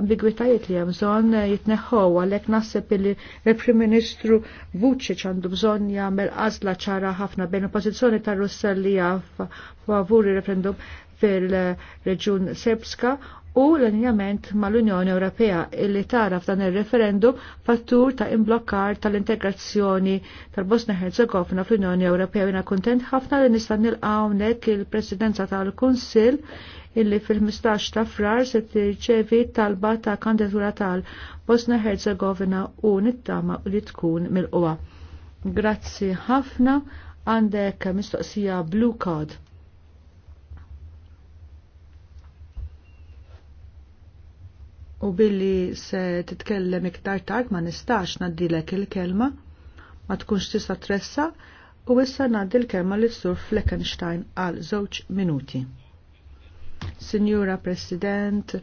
ambigwitajiet li hemm bżonn jitneħħu għalhekk naħseb li il-Prim Ministru Vucic għandu bżonn jagħmel għażla ċara ħafna bejn il-pożizzjoni tar ta' Russellija favur ir referendum fil-reġjun Serbska u l-injament mal-Unjoni Ewropea illi tara f'dan ir referendum fattur ta' imblokkar tal-integrazzjoni tal-Bosna Herzegovina fl-Unjoni Ewropea jina kontent ħafna li nista' nilqgħu hawnhekk il-Presidenza tal-Kunsill illi fil-15 ta' frar se tirċevi talba ta' kandidatura tal Bosna Herzegovina u nittama li tkun mil qwa Grazzi ħafna għandek mistoqsija Blue Card. U billi se titkellem iktar tard ma nistax naddilek il-kelma, ma tkunx tista' tressa, u issa naddi l-kelma li sur Fleckenstein għal żewġ minuti. Signora President,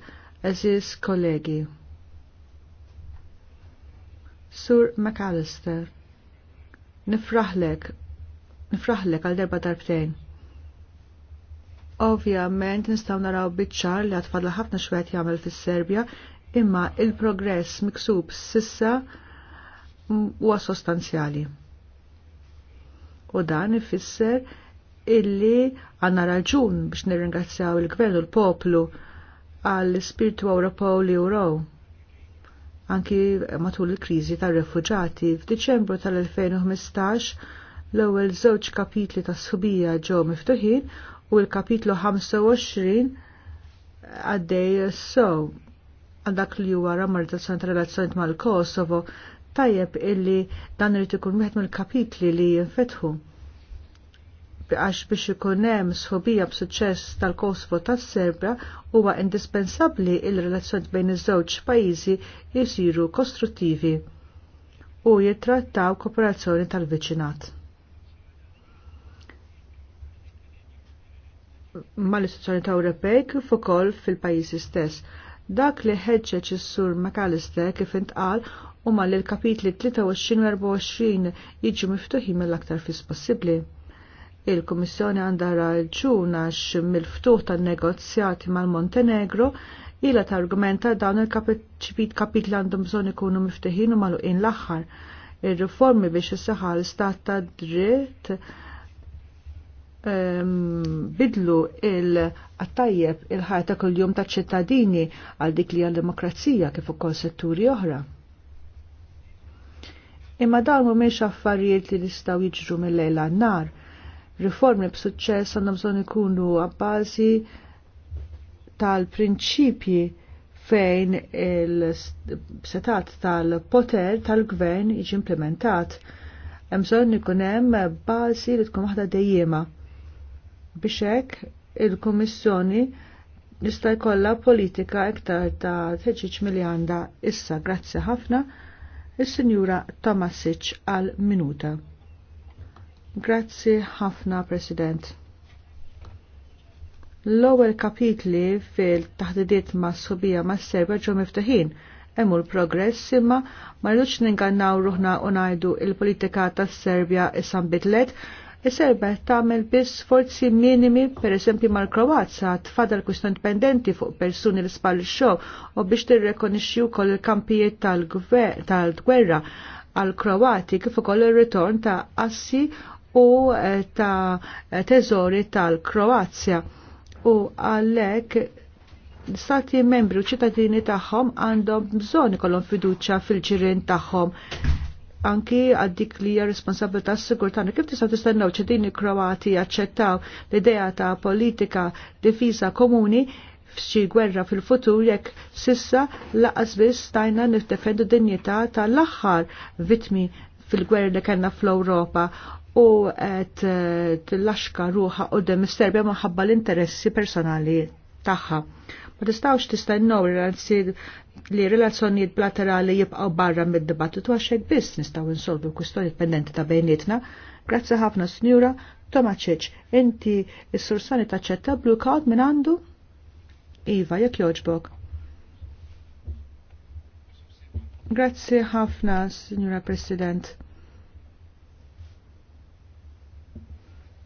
Aziz kollegi. Sur McAllister, nifraħlek, nifraħlek għal darba darbtejn. Ovvjament nistaw naraw biċċar li għatfadla ħafna xwet jagħmel fis-Serbja, imma il-progress miksub sissa huwa sostanzjali. U dan ifisser illi għanna raġun biex nirringrazzjaw il-gvern u l-poplu għall spiritu Ewropew li uraw anki matul il-kriżi tar-refuġati. F'Diċembru tal-2015 l-ewwel żewġ kapitli ta' subija ġew miftuħin u l-kapitlu 25 għaddej so dak li huwa rammardazzjoni tal-relazzjoni mal-Kosovo tajjeb illi dan irid ikun wieħed mill-kapitli li jinfetħu għax biex ikun hemm sħobija b'suċċess tal kosvo tas-Serbja huwa indispensabbli il relazzjoni bejn iż-żewġ pajjiżi jisiru kostruttivi u jittrattaw kooperazzjoni tal-viċinat. l istituzzjoni ta' Ewropej kif ukoll fil-pajjiżi stess. Dak li ħeġġeġ is-sur McAllister kif intqal huma li l-kapitli 23 u 24 jiġu miftuħin mill-aktar fis possibbli. Il-Kummissjoni għandha raġuna mill-ftuħ tan-negozjati mal-Montenegro ila targumenta dawn il-kapit kapitli għandhom bżonn ikunu mifteħin u maluqin l-aħħar. Ir-riformi biex is-saħħa l-istat ta' dritt ehm, bidlu il-attajjeb il-ħajta kull-jum ta' ċittadini għal dik li għal-demokrazija kif ukoll setturi oħra. Imma dawn mhumiex affarijiet li jistgħu jiġru mill-lejla n-nar riformi b'suċċess għandna bżonn ikunu abbażi tal-prinċipji fejn il-setat tal-poter tal-gvern jiġi implementat. Hemm bżonn ikun hemm bażi li tkun waħda dejjema. Biex hekk il-Kummissjoni jista' jkollha politika iktar ta' teġiġ milli għandha issa grazzi ħafna is-Sinjura Tomasic għal minuta. Grazzi ħafna, President. L-ewwel kapitli fil-taħdidiet ma' subija ma' serba ġew miftaħin hemm l-progress imma ma rridux ningannaw ruħna u ngħidu il-politika tas-Serbja issa nbidlet. Is-Serbja tagħmel biss forzi minimi pereżempju mal kroazza tfadal kwistjoni pendenti fuq persuni l spall xogħol u biex tirrekonixxi wkoll il-kampijiet tal-gwerra għal Kroati kif ukoll ir-ritorn ta' assi u eh, ta' teżori tal-Kroazja u għalek stati membri u ċittadini tagħhom għandhom bżonn ikollhom fiduċja fil-ġirien tagħhom anki għaddik li hija responsabilità s-sigurtana. Kif tista' tistennew ċittadini Kroati jaċċettaw l-idea ta' politika difiża komuni f'xi gwerra fil-futur jekk sissa laqas biss stajna niftefendu dinjità tal-aħħar vitmi fil-gwerra li kellna fl-Ewropa u qed eh, tillaxka ruħa u is-serbja maħabba l-interessi personali tagħha. Ma tistgħux tistennew li relazzjonijiet bilaterali jibqgħu barra mid-dibattitu għax hekk biss nistgħu insolvu kwistjoni pendenti ta' bejnietna. Grazzi ħafna Sinjura Tomaċiċ, inti s-sursani taċċetta blue card minn għandu? Iva, jekk joġbok. Grazzi ħafna, Signora President.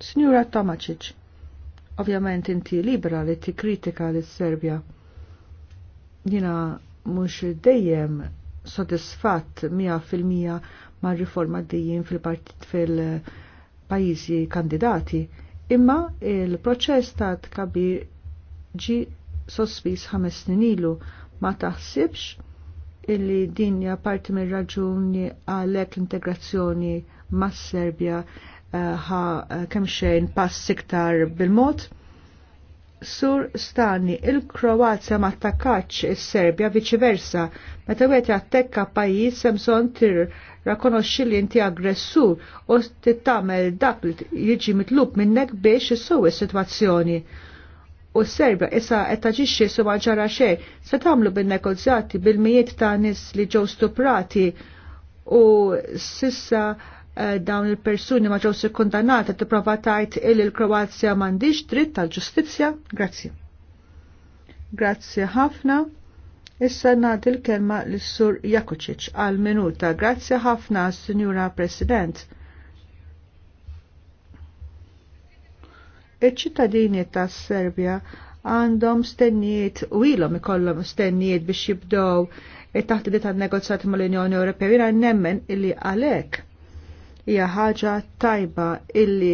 Signora Tomacic, ovvjament inti libera li tikkritika lis serbja Jina mhux dejjem sodisfatt 100% mar riforma dejjem fil-partit fil-pajjiżi kandidati, imma il-proċess ta' tkabi ġi sospis ħames snin ilu ma taħsibx illi din hija parti mir-raġuni għalhekk l-integrazzjoni mas-Serbja ħa eh, kemm xejn pass iktar bil-mod. Sur Stani, il-Kroazja ma attakkaċ is-Serbja viċiversa, meta wieħed attekka pajjiż semson tir rakonoxxi li inti aggressur u tittamel dak li jiġi mitlub minnek biex issowi s-sitwazzjoni. U s-Serbja issa qed taġixxi su ma ġara xejn se tagħmlu bin-negozjati bil-mijiet ta' nies li ġew stuprati u sissa Eh, dawn il-persuni ma ġew sikkundanati tipprova tgħid il il-Kroazja m'għandix dritt tal-ġustizzja? Grazzi. Grazzi ħafna. Issa nagħti l-kelma lis-Sur Jakuċiċ għal minuta. Grazzi ħafna, Sinjura President. Iċ-ċittadini tas-Serbja għandhom stennijiet u ilhom ikollhom stennijiet biex jibdew it-taħt tan negozjati mal-Unjoni Ewropea jiena nemmen illi għalhekk hija ħaġa tajba illi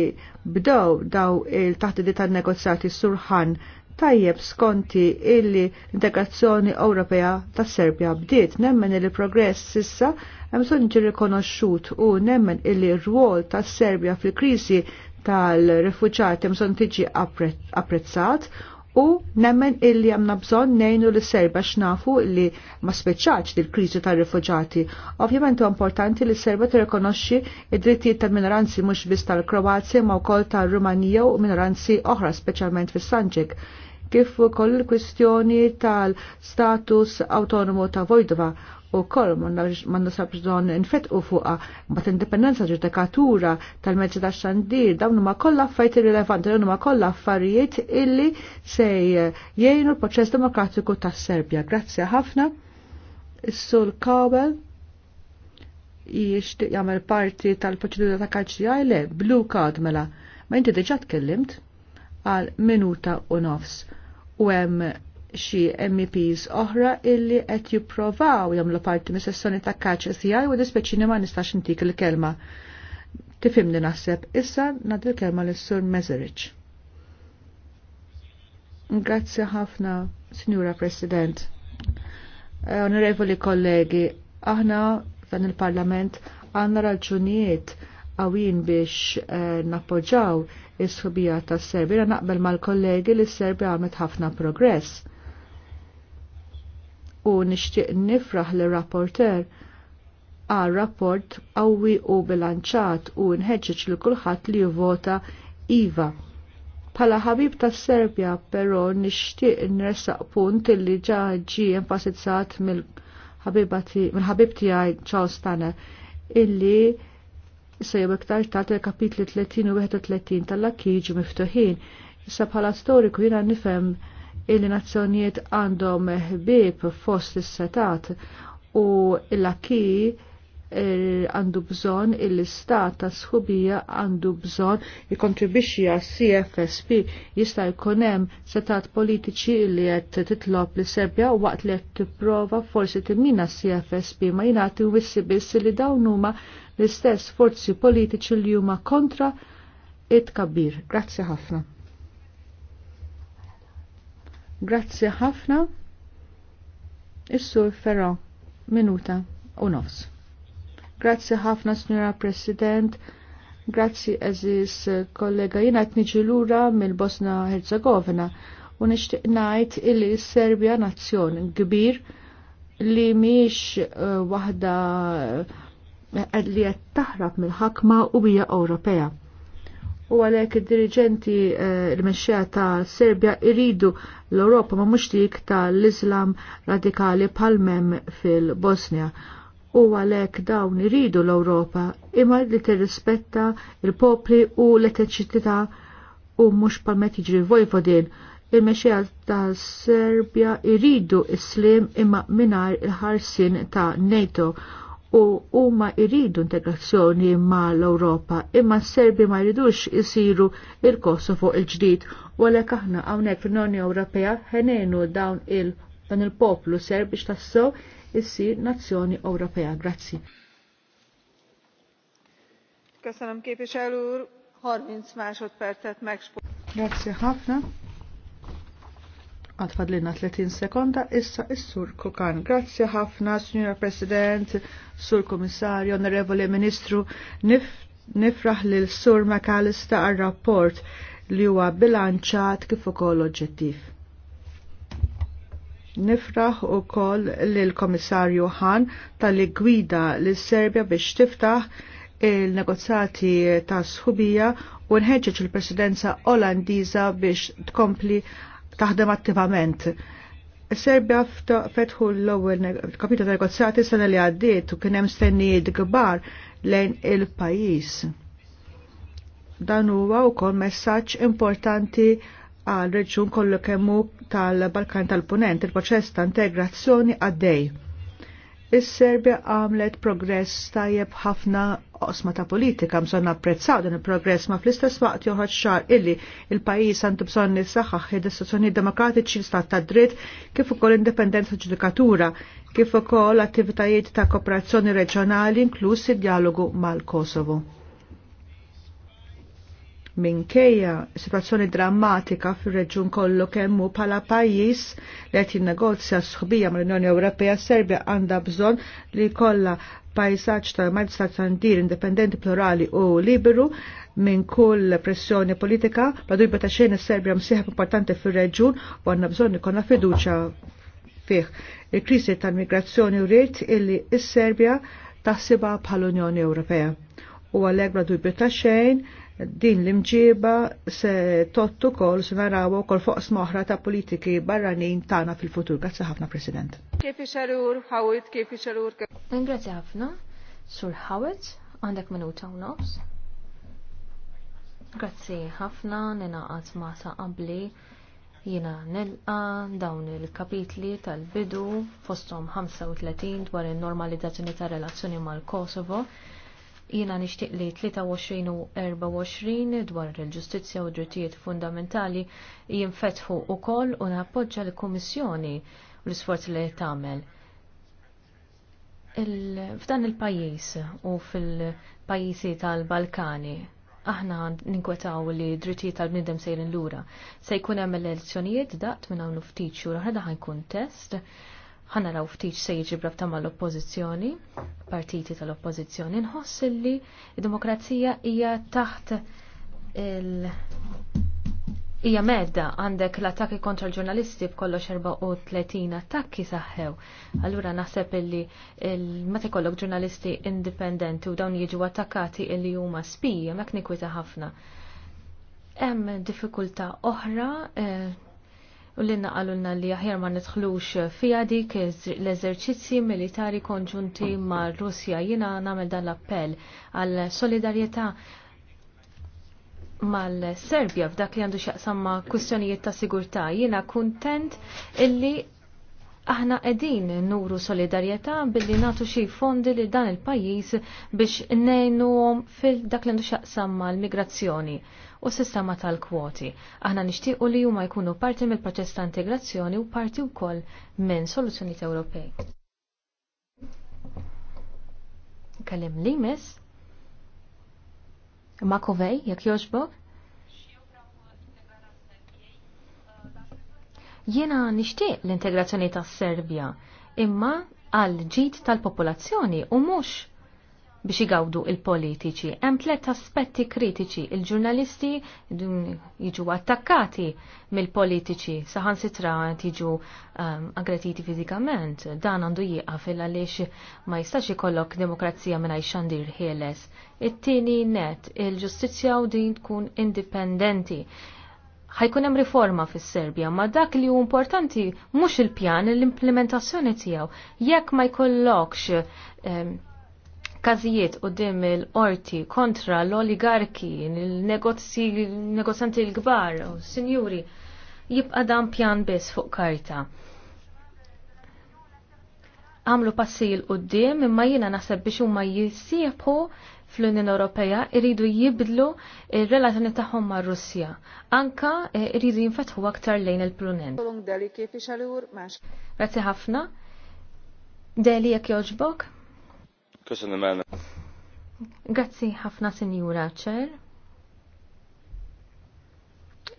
bdew daw il-taħdidi tan-negozjati surħan tajjeb skonti illi l-integrazzjoni Ewropea tas Serbja bdiet nemmen illi progress sissa hemm bżonn rikonoxxut u nemmen illi r-rwol tas Serbja fil-kriżi tal-refuġati hemm tiġi apprezzat u nemmen illi għamna bżon nejnu li serba xnafu li ma speċaċ dil kriżi tal rifuġati Ovvjament u importanti li serba tirrikonoxxi id-drittijiet tal-minoranzi mhux biss tal-Kroazja ma wkoll tal-Rumanija u minoranzi oħra speċjalment fis-Sanġek kif ukoll il-kwistjoni tal-status autonomu ta' Vojdova u koll ma nasab bżon u fuqa t indipendenza ġudikatura tal-mezzi ta' xandir dawn ma kollha affarijiet irrilevanti dawn ma kollha affarijiet illi se jgħinu l-proċess demokratiku tas-Serbja. Grazzi ħafna. Is-sul Kabel jixtieq jagħmel parti tal-proċedura ta' kaċċijaj le blue kadmela Ma inti diġà tkellimt għal minuta u nofs u hemm xi MEPs oħra illi qed jipprovaw jagħmlu parti mis sessjoni ta' kaċċa SCI u dispeċi ma nistax intik il-kelma. Tifimni naħseb, issa nad il-kelma lis sur Meserich. Grazzi ħafna, Signora President. Eh, onorevoli kollegi, aħna dan il-Parlament għandna raġunijiet għawin biex eh, nappoġġaw is-subija tas serbja naqbel mal-kollegi li s serbja għamet ħafna progress u nixtieq nifraħ li rapporter għal rapport qawwi u bilanċat u nħeġġeġ li kulħadd li jivvota iva. Pala ħabib tas Serbja però nixtieq nresaq punt li ġa enfasizzat mill-ħabib tiegħi ċaw stana illi jew iktar ta' kapitli 30 u 31 tal-akkiġi miftuħin. Sa bħala storiku jiena nifhem il nazzjonijiet għandhom ħbieb fost is-setat u l-akki eh, għandu bżon il-istat ta' sħubija għandu bżon jikontribixxi għal CFSP jista' jkun hemm setat politiċi li qed titlob li Serbja waqt li qed tipprova forsi timmina CFSP ma jingħati wissi biss li dawn huma l-istess forzi politiċi li huma kontra it kabir Grazzi ħafna. Grazzi ħafna. Is-sur Ferro, minuta u nofs. Grazzi ħafna, Signora President. Grazzi, eżis kollega. Jina t lura mill-Bosna Herzegovina u nishtiq najt illi Serbia nazzjon kbir li miex uh, eh, wahda uh, eh, li qed taħrab mill-ħakma u bija Ewropea u għalhekk id-dirigenti eh, l-mexxija ta' Serbja iridu l-Ewropa ma mhux dik tal-Islam radikali palmem fil-Bosnia. U għalhekk dawn iridu l-Ewropa imma li tirrispetta il-popli u l-eteċità u mhux palmet jiġri vojvodin il-mexija ta' Serbja iridu islim imma minar il-ħarsin ta' NATO u huma jridu integrazzjoni mal-Ewropa imma s-Serbi ma jridux isiru il-Kosovo il-ġdid u għalhekk aħna hawnhekk fl-Unjoni Ewropea ħenenu dawn il dan il-poplu Serb biex tassew issir nazzjoni Ewropea. Grazzi. Köszönöm képviselő úr, 30 másodpercet megspor. Grazzi ħafna għad fadlina 30 sekonda, issa is-Sur Kukan. Grazzi ħafna, Signora President, Sur Komissarju, Onorevoli Ministru, nif, nifraħ lil Sur Makalista għal rapport li huwa bilanċat kif ukoll oġġettiv. Nifraħ u koll l Komissarju Han tal-li gwida li serbja biex tiftaħ il-negozjati ta' sħubija u nħeġġeġ il-presidenza Olandiża biex tkompli taħdem attivament. Serbia fetħu l-ewwel kapita ta' negozjati sena li għaddiet u kien hemm stennijiet kbar lejn il-pajjiż. Dan huwa wkoll messaġġ importanti għal reġun kollu kemmu tal-Balkan tal-Punent il-proċess ta' integrazzjoni għaddej. Is-Serbja għamlet progress tajjeb ħafna osma ta' politika bżon apprezzaw din il-progress ma fl-istess waqt joħod xar illi il-pajjiż għandu bżonn nissaħħaħ id-istituzzjoni demokratiċi stat ta' dritt kif ukoll indipendenza ġudikatura kif ukoll attivitajiet ta' kooperazzjoni reġjonali inkluż id-dialogu mal-Kosovo minkejja situazzjoni drammatika fir reġun kollu kemmu pala pajjiż li qed jinnegozja sħbija mal-Unjoni Ewropea Serbja għandha bżonn li kolla pajsaġġ ta' Malta Tandir indipendenti plurali u liberu minn kull pressjoni politika, la dubja ta' xejn is-Serbja msieħ importanti fir-reġjun u għandna bżonn ikollna fiduċja fih. Il-krisi tal-migrazzjoni rrit illi is-Serbja taħsibha bħal-Unjoni Ewropea. U għalhekk la dubju ta' xejn din l-imġiba se tottu kol se naraw kol fuq smoħra ta' politiki barranin tana fil-futur. Grazie ħafna, President. Kif xarur, Hawit, kif xarur. Grazie ħafna, Sur Hawit, għandek minuta u nofs. Grazzi ħafna, ninaqat ma sa' qabli jina nilqa dawn il-kapitli tal-bidu fostom 35 dwar il-normalizzazzjoni ta' relazzjoni mal-Kosovo Jiena nixtieq li 23 u 24 dwar il-ġustizzja u drittijiet fundamentali jinfetħu wkoll u nappoġġa l-Kummissjoni u l-isforz li tagħmel. F'dan il-pajjiż u fil-pajjiżi tal-Balkani aħna ninkwetaw li drittijiet tal-bnidem sejrin lura. Se jkun hemm l-elezzjonijiet daqt minn hawn ftit xhur ħajkun test ħana raw ftit se jiġi brabta mal oppożizzjoni partiti tal-oppożizzjoni, nħoss li d-demokrazija hija taħt il- Ija medda għandek l-attakki kontra l-ġurnalisti b'kollox 34 attakki saħħew. Allura naħseb illi meta kollok ġurnalisti indipendenti u dawn jiġu attakkati illi huma spija mek nikwita ħafna. Hemm diffikultà oħra eh, u li naqalulna li aħjar ma nidħlux fija dik l-eżerċizzi militari konġunti ma' Russja jina namel dan l-appell għal solidarieta mal-Serbja f'dak li għandu xaqsam ma' kustjonijiet ta' sigurtà jina kuntent illi aħna qegħdin nuru solidarjetà billi nagħtu xi fondi li dan il-pajjiż biex nejnu fil dak li għandu xaqsam mal-migrazzjoni u sistema tal-kwoti. Aħna nixtiequ li huma jkunu parti mill-proċess ta' integrazzjoni u parti wkoll minn soluzzjonijiet Ewropej. Kellim li mis? Makovej, jekk joġbok? Jiena nixtieq l-integrazzjoni tas-Serbja, imma għal ġid tal-popolazzjoni u mhux biex igawdu il-politiċi. Hemm tliet aspetti kritiċi il-ġurnalisti jiġu attakkati mill-politiċi saħan sitra jiġu um, ehm, aggretiti fiżikament. Dan għandu jieqaf il għaliex ma jistax ikollok demokrazija minn xandir ħieles. It-tieni net il-ġustizzja u din tkun indipendenti ħajkun hemm riforma fis-Serbja, ma dak li hu importanti mhux il-pjan l-implementazzjoni tiegħu. Jekk ma jkollokx ehm, kazijiet u dim il-orti kontra l-oligarki, il negozjanti l-gbar, u sinjuri, jibqa dan pjan bis fuq karta. Għamlu passi l-qoddim imma jina naħseb biex huma jisieħbu fl-Unjoni Ewropea iridu jibdlu ir-relazzjoni tagħhom ma' Russja. Anka eh, iridu jinfetħu aktar lejn il-plunent. Grazzi ħafna. Deli jekk joġbok? Kusin imena. Grazzi ħafna sinjura ċer.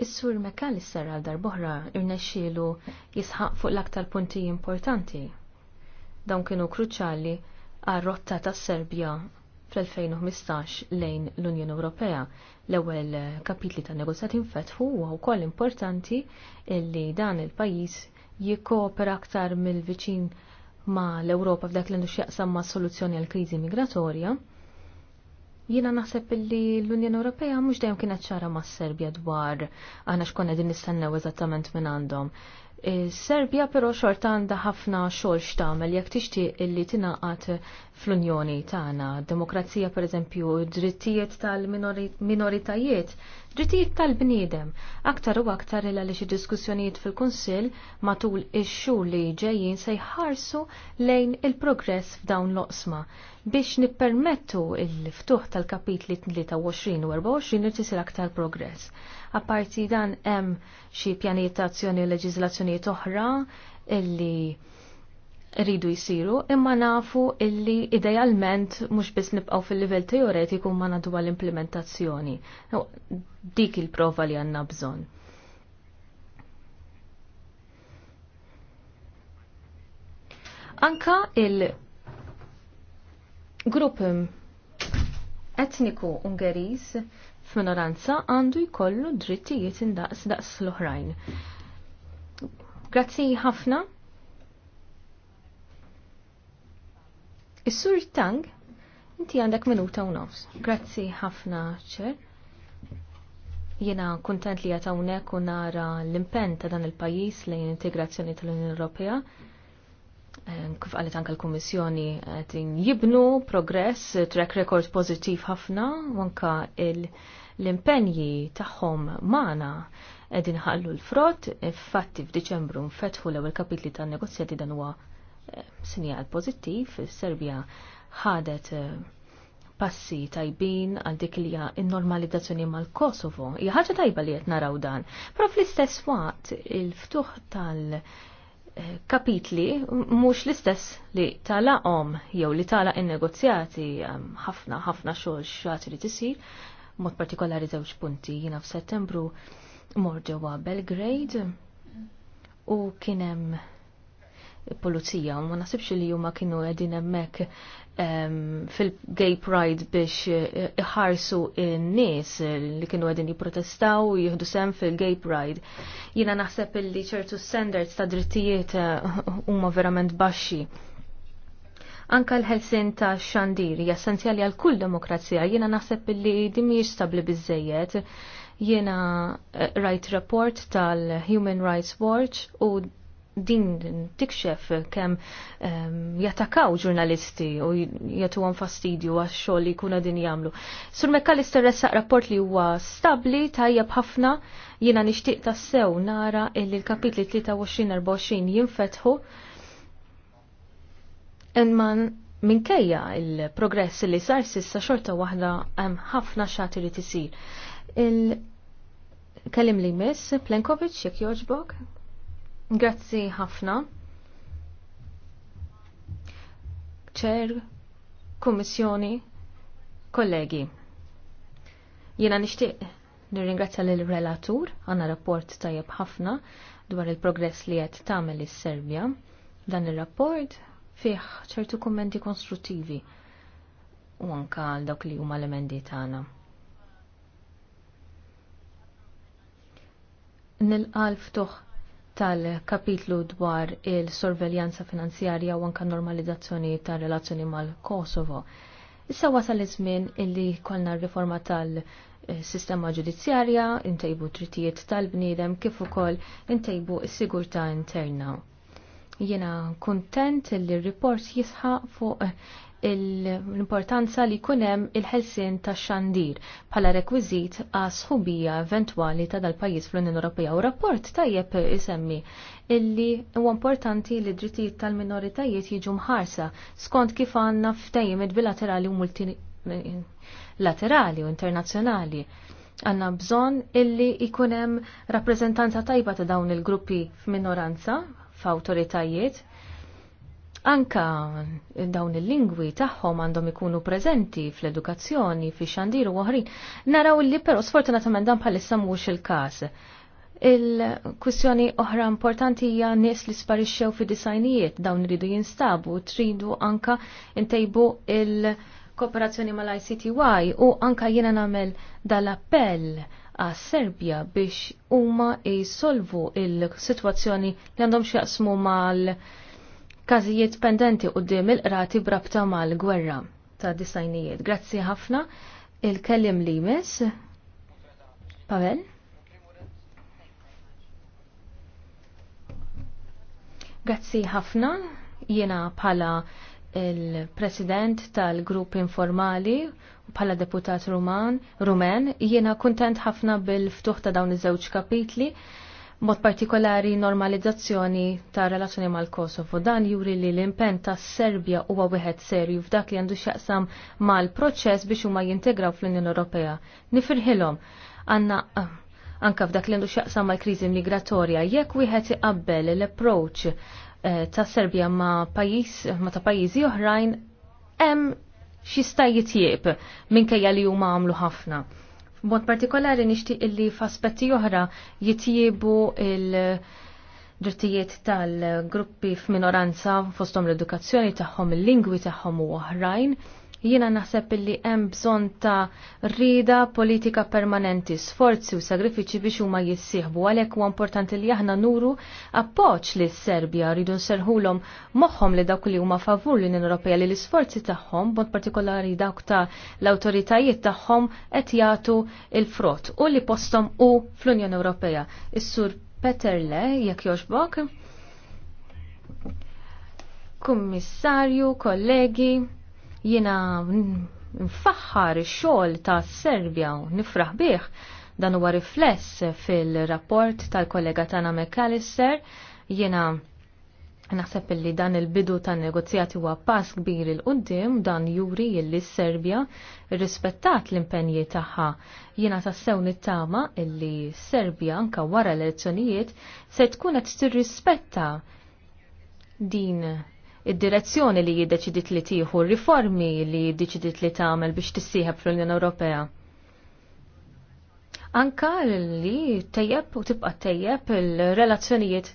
Is-sur Mekal issarra darboħra irnexxielu jisħaq fuq l-aktar punti importanti. Dawn kienu kruċali għar rotta tas Serbja fl-2015 lejn l-Unjoni Ewropea. L-ewwel kapitli ta' negozjat infetħu huwa wkoll importanti illi dan il-pajjiż jikkoopera aktar mill-viċin ma l-Ewropa f'dak li xieqsam ma' soluzzjoni għal kriżi migratorja, jiena naħseb li l-Unjoni Ewropea mhux dejjem kienet ċara ma' Serbja dwar aħna x'konna din nistennew eżattament minn għandhom. Serbja però xorta għandha ħafna xogħol x'tagħmel jekk tixtieq illi tingħaqad fl-Unjoni tagħna, demokrazija pereżempju, drittijiet tal-minoritajiet drittijiet tal-bniedem. Aktar u aktar illa li xi diskussjonijiet fil-Kunsill matul ix-xhur li ġejjin se jħarsu lejn il-progress f'dawn l-oqsma biex nippermettu il-ftuħ tal-kapitli 23 u 24 li tisir aktar progress. Apparti dan hemm xi pjanijiet azzjoni u leġiżlazzjonijiet oħra illi rridu jisiru, imma nafu illi idealment mhux biss nibqgħu fil-livell teoretiku ma nadu għall-implementazzjoni. Dik il-prova li għandna bżonn. Anka il-grupp etniku Ungeriż f'minoranza għandu jkollu drittijiet indaqs daqs l-oħrajn. Grazzi ħafna Is-sur Tang, inti għandek minuta u nofs. Grazzi ħafna ċer. Jena kontent li għatawnek u nara l-impen ta' dan il-pajis lejn integrazzjoni tal-Unjoni Ewropea. Kif għalet anka l-Kommissjoni għetin jibnu progress, track record pozittiv ħafna, wanka l-impenji tagħhom mana għedin ħallu l-frott, fatti f'Diċembru nfetħu l-ewwel kapitli tan negozjati dan huwa sinjal pozittiv, Serbia ħadet eh, passi tajbin għal dik li hija normalizzazzjoni mal-Kosovo. Hija ħaġa tajba li qed naraw dan. Però fl-istess waqt il-ftuħ tal- eh, kapitli mhux l-istess li talaqhom jew li tala in-negozjati eh, ħafna ħafna xogħol xagħti li tisir, mod partikolari żewġ punti jiena f'Settembru mor ġewwa Belgrade u kien hemm pulizija u ma nasibx li huma kienu qegħdin hemmhekk ehm, fil-gay pride biex eh, iħarsu il nies li kienu qegħdin jipprotestaw u jieħdu sem fil-gay pride. Jiena naħseb li ċertu standards ta' drittijiet eh, huma verament baxxi. Anka l-ħelsin ta' xandir jessenzjali essenzjali għal kull demokrazija. Jiena naħseb li din mhijiex stabbli biżejjed. Jiena eh, rajt rapport tal-Human Rights Watch u din tikxef kem ehm, jatakaw ġurnalisti u jatu għan fastidju għax xogħol li kuna din jamlu. Sur Mekalister ressaq rapport li huwa stabli tajjeb ħafna jiena nixtieq tassew nara illi l-kapitli 23-24 jinfetħu Enman minkejja il-progress li sar sissa xorta waħda hemm ħafna xati li tisir. Il-kellim li miss Plenkovic jekk joġbok? Grazzi ħafna. ċer, kummissjoni, kollegi. Jena nishtiq nirringrazzja l relatur għanna rapport tajjeb ħafna dwar il-progress li qed tagħmel is-Serbja. Dan ir-rapport fih ċertu kummenti konstruttivi u anka għal dawk li huma l-emendi tagħna. Nilqal ftuħ tal-kapitlu dwar il-sorveljanza finanzjarja u anka normalizzazzjoni tar relazzjoni mal-Kosovo. Issa wasal iż-żmien illi kolna riforma tal-sistema ġudizzjarja, intejbu trittijiet tal-bniedem kif ukoll intejbu s-sigurtà interna. Jiena kuntent li r-report jisħaq fuq l-importanza li kunem il-ħelsin ta' xandir bħala rekwizit għas ħubija eventwali ta' dal-pajis fl-Unjoni Ewropea u rapport tajjeb isemmi illi huwa importanti li drittijiet tal-minoritajiet jiġu mħarsa skont kif għandna f'tejjimiet bilaterali u multilaterali u internazzjonali għanna bżon illi ikunem rappresentanza tajba ta' dawn il-gruppi f'minoranza f'autoritajiet Anka dawn il-lingwi tagħhom għandhom ikunu preżenti fl-edukazzjoni, fi xandir u Naraw li però sfortunatament dan bħalissa mhux il-każ. Il-kwistjoni oħra importanti hija nies li sparixxew fi disajnijiet dawn iridu jinstabu, tridu anka ntejbu il- kooperazzjoni mal-ICTY u anka jiena namel dal-appell a Serbia biex huma jsolvu il-sitwazzjoni li għandhom xjaqsmu mal- każijiet pendenti dim il-qrati brabta mal-gwerra ta' disajnijiet. Grazzi ħafna il-kellim li mis. Pavel? Grazzi ħafna jiena bħala il-president tal-grupp informali bħala deputat Ruman, Rumen, jiena kuntent ħafna bil-ftuħ ta' dawn iż-żewġ kapitli mod partikolari normalizzazzjoni ta' relazzjoni mal-Kosovo. Dan juri li l-impen ta' Serbia huwa wieħed serju f'dak li għandu xaqsam mal-proċess biex huma jintegraw fl-Unjoni Ewropea. Nifirħilhom għandna eh, anka f'dak li għandu xaqsam mal-kriżi migratorja jekk wieħed iqabbel l approċ eh, ta' Serbia ma' pajis, ma' ta' pajjiżi oħrajn hemm xista jitjieb minkejja li huma għamlu ħafna mod partikolari nixtieq illi f'aspetti oħra jitjiebu il-drittijiet tal-gruppi f'minoranza fosthom l-edukazzjoni tagħhom, il-lingwi tagħhom u oħrajn Jiena naħseb illi hemm bżonn ta' rida politika permanenti, sforzi u sagrifiċi biex huma jissieħbu għalhekk huwa importanti li aħna nuru appoġġ li s-Serbja rridu nserħulhom moħħom li dawk li huma favur l-Unjoni Ewropea li l-isforzi tagħhom b'mod partikolari dawk ta' l-awtoritajiet tagħhom qed jagħtu il-frott u li postom u fl-Unjoni Ewropea. Is-Sur Peter Le, jekk jogħġbok, Kummissarju, kollegi, Jiena nfaħħar ix-xogħol ta' Serbja u nifraħ bih dan huwa rifless fil-rapport tal-kollega tagħna McAllister jiena Naħseb illi dan il-bidu tan negozjati huwa pass kbir il qudiem dan juri illi Serbja rispettat l-impenji tagħha. Jiena tassew nittama illi Serbja anka wara l-elezzjonijiet se tkun qed tirrispetta din id-direzzjoni li jiddeċidit li tieħu, riformi li jiddeċidit li tagħmel biex tissieħeb fl-Unjoni Ewropea. Anka li tejjeb u tibqa' tejjeb il-relazzjonijiet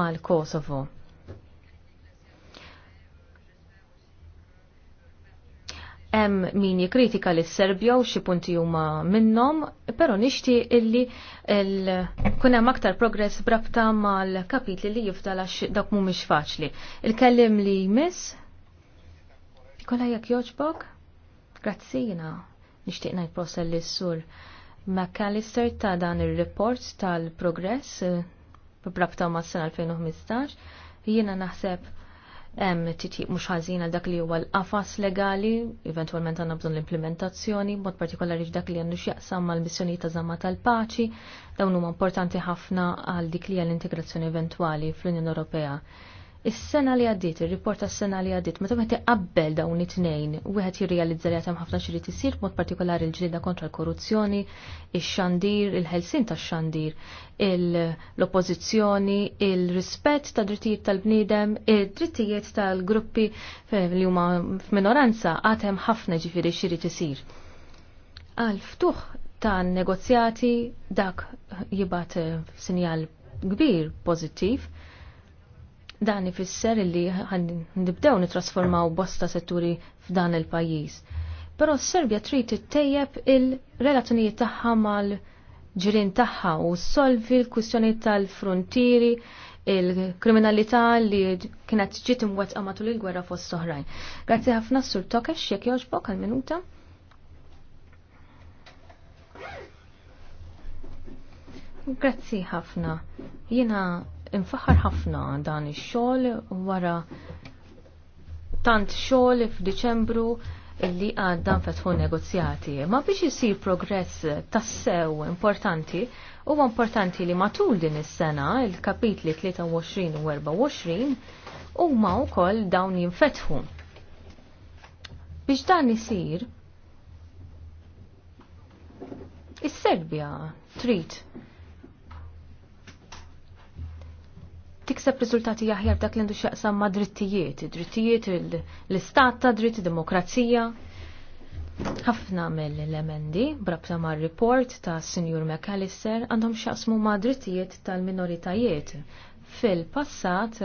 mal-Kosovo. hemm min jikritika li s-Serbja u xi punti huma minnhom, però nixti illi kun hemm aktar progress brabta mal-kapitli li jifdal dak dak mhumiex faċli. Il-kellim li jmiss kolla jekk joġbog, grazzina, nishti nixtieq ngħid prosel li sur McAllister ta' dan ir-report tal-progress eh, brabta mas-sena 2015 jiena naħseb hemm titjib mhux ħażin għal dak li huwa l-qafas legali, eventwalment għandna bżonn l-implementazzjoni, mod partikolari f'dak li għandu x'jaqsam mal-missjoni ta' żamma tal-paċi, dawn huma importanti ħafna għal dik li hija l-integrazzjoni eventwali fl-Unjoni Ewropea. Is-sena li għaddit, ir-report tas-sena li għaddit, meta wieħed iqabbel dawn it-tnejn, wieħed jirrealizza li hemm ħafna xi isir b'mod partikolari l ġlida kontra l-korruzzjoni, ix-xandir, il-ħelsin tax-xandir, l-oppożizzjoni, il-rispett ta' drittijiet tal-bniedem, id-drittijiet tal-gruppi eh, li huma f'minoranza għad ħafna ġifieri xirid isir. Għal ftuħ ta' negozjati dak jibgħat eh, sinjal kbir pożittiv Dan ifisser li nibdew nitrasformaw bosta setturi f'dan il-pajjiż. Però s-Serbja trid tittejjeb il-relazzjonijiet tagħha mal-ġirien tagħha u solvi l-kwistjoni tal-frontieri, il-kriminalità li kienet ġiet imwettqa matul il-gwerra fost l-oħrajn. Grazzi ħafna sur Tokesh jekk jogħġbok għal-minuta. Grazzi ħafna. Jiena infaħar ħafna dan ix-xogħol wara tant xogħol f'Diċembru għad dan fetħu negozjati. Ma biex jisir progress tassew importanti, huwa importanti li matul din is-sena il-kapitli 23 u 24 huma wkoll dawn jinfetħu. Biex dan isir, is-Serbja trid tikseb riżultati jaħjar dak li xaqsam ma' drittijiet, drittijiet l-istat ta' dritt, demokrazija. Ħafna mill lemendi brabta ma' report ta' Sinjur McAllister għandhom xaqsmu ma' drittijiet tal-minoritajiet. Fil-passat,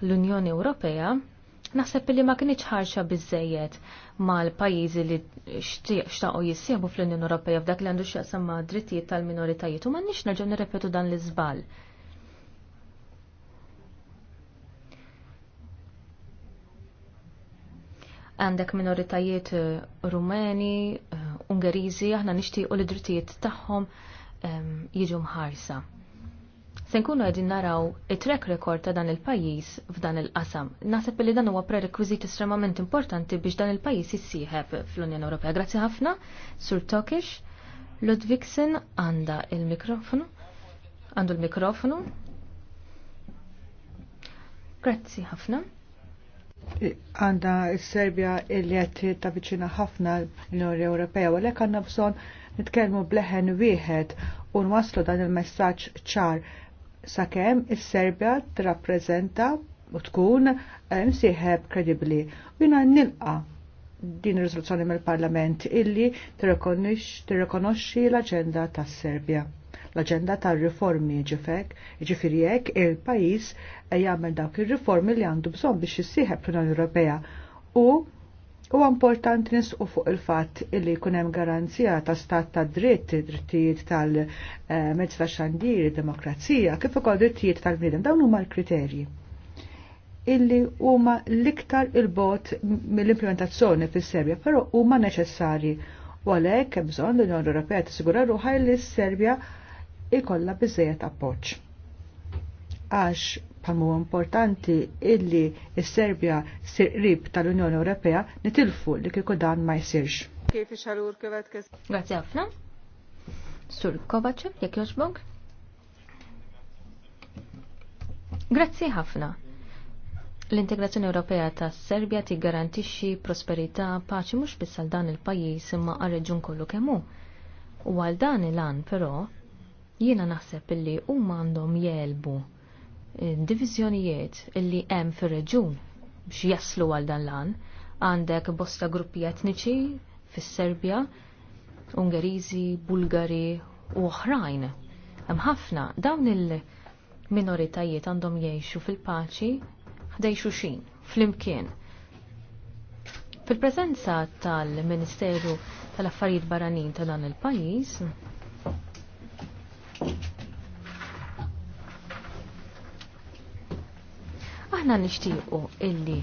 l-Unjoni Ewropea naħseb li ma kienx ħarxa biżejjed mal-pajjiżi li xtaqgħu jissieħbu fl-Unjoni Ewropea f'dak li għandu x'jaqsam ma' drittijiet tal-minoritajiet u m'għandniex nerġa' nirrepetu dan l-iżball. għandek minoritajiet eh, rumeni, eh, ungerizi, aħna nixtiequ l drittijiet tagħhom ehm, jiġu mħarsa. Se nkunu qegħdin naraw it-track record ta' dan il-pajjiż f'dan il-qasam. Naħseb li dan huwa prerekwiżit estremament importanti biex dan il-pajjiż issieħeb fl-Unjoni Ewropea. Grazzi ħafna, Sur Tokish. Ludwigsen għanda il-mikrofonu. Għandu l-mikrofonu. Grazzi ħafna. Għanda s-Serbja illi għed ta' viċina ħafna l-Unjoni Ewropea, u lek għanna bżon nitkellmu bleħen wieħed u nwaslu dan il-messaġġ ċar sakemm is-Serbja tirrappreżenta u tkun eh, msieħeb kredibbli. U jina nilqa' din ir-riżoluzzjoni mill-Parlament illi tirrikonoxxi l-aġenda tas-Serbja l-aġenda tal-riformi ġifek, ġifiri il-pajis jagħmel dawk il-riformi li għandu bżonn biex jissieħeb fl-Unjoni Ewropea u U importanti nisqu fuq il-fatt illi jkun hemm garanzija ta' stat ta' dritt, drittijiet tal-mezz ta' xandir, demokrazija, kif ukoll drittijiet tal-bniedem, dawn huma l-kriterji illi huma l-iktar il-bot mill-implementazzjoni fis-Serbja, però huma neċessarji u għalhekk hemm bżonn l-Unjoni Ewropea tissigura ruħha li s-Serbja ikolla bizzejet appoġġ. Għax bħalmu importanti illi s-Serbja sirrib qrib tal-Unjoni Ewropea nitilfu li kieku dan ma jsirx. Kif ixalur kivet kis? Grazie ħafna. Sur Kovacev, jekk joġbog? Grazzi ħafna. L-integrazzjoni Ewropea ta' Serbja tiggarantixxi prosperità paċi mhux biss għal dan il-pajjiż imma għar-reġjun kollu kemm hu. U għal dan il-an però Jiena naħseb illi huma għandhom jelbu eh, diviżjonijiet illi hemm fir-reġun biex jaslu għal dan lan. Għandek bosta gruppi etniċi fis-Serbja, Ungeriżi, Bulgari u oħrajn. Hemm ħafna dawn il-minoritajiet għandhom jgħixu fil-paċi ħdejxu xin fl-imkien. Fil-preżenza tal-Ministeru tal-Affarijiet Baranin ta' dan il-pajjiż, Aħna nixtiequ illi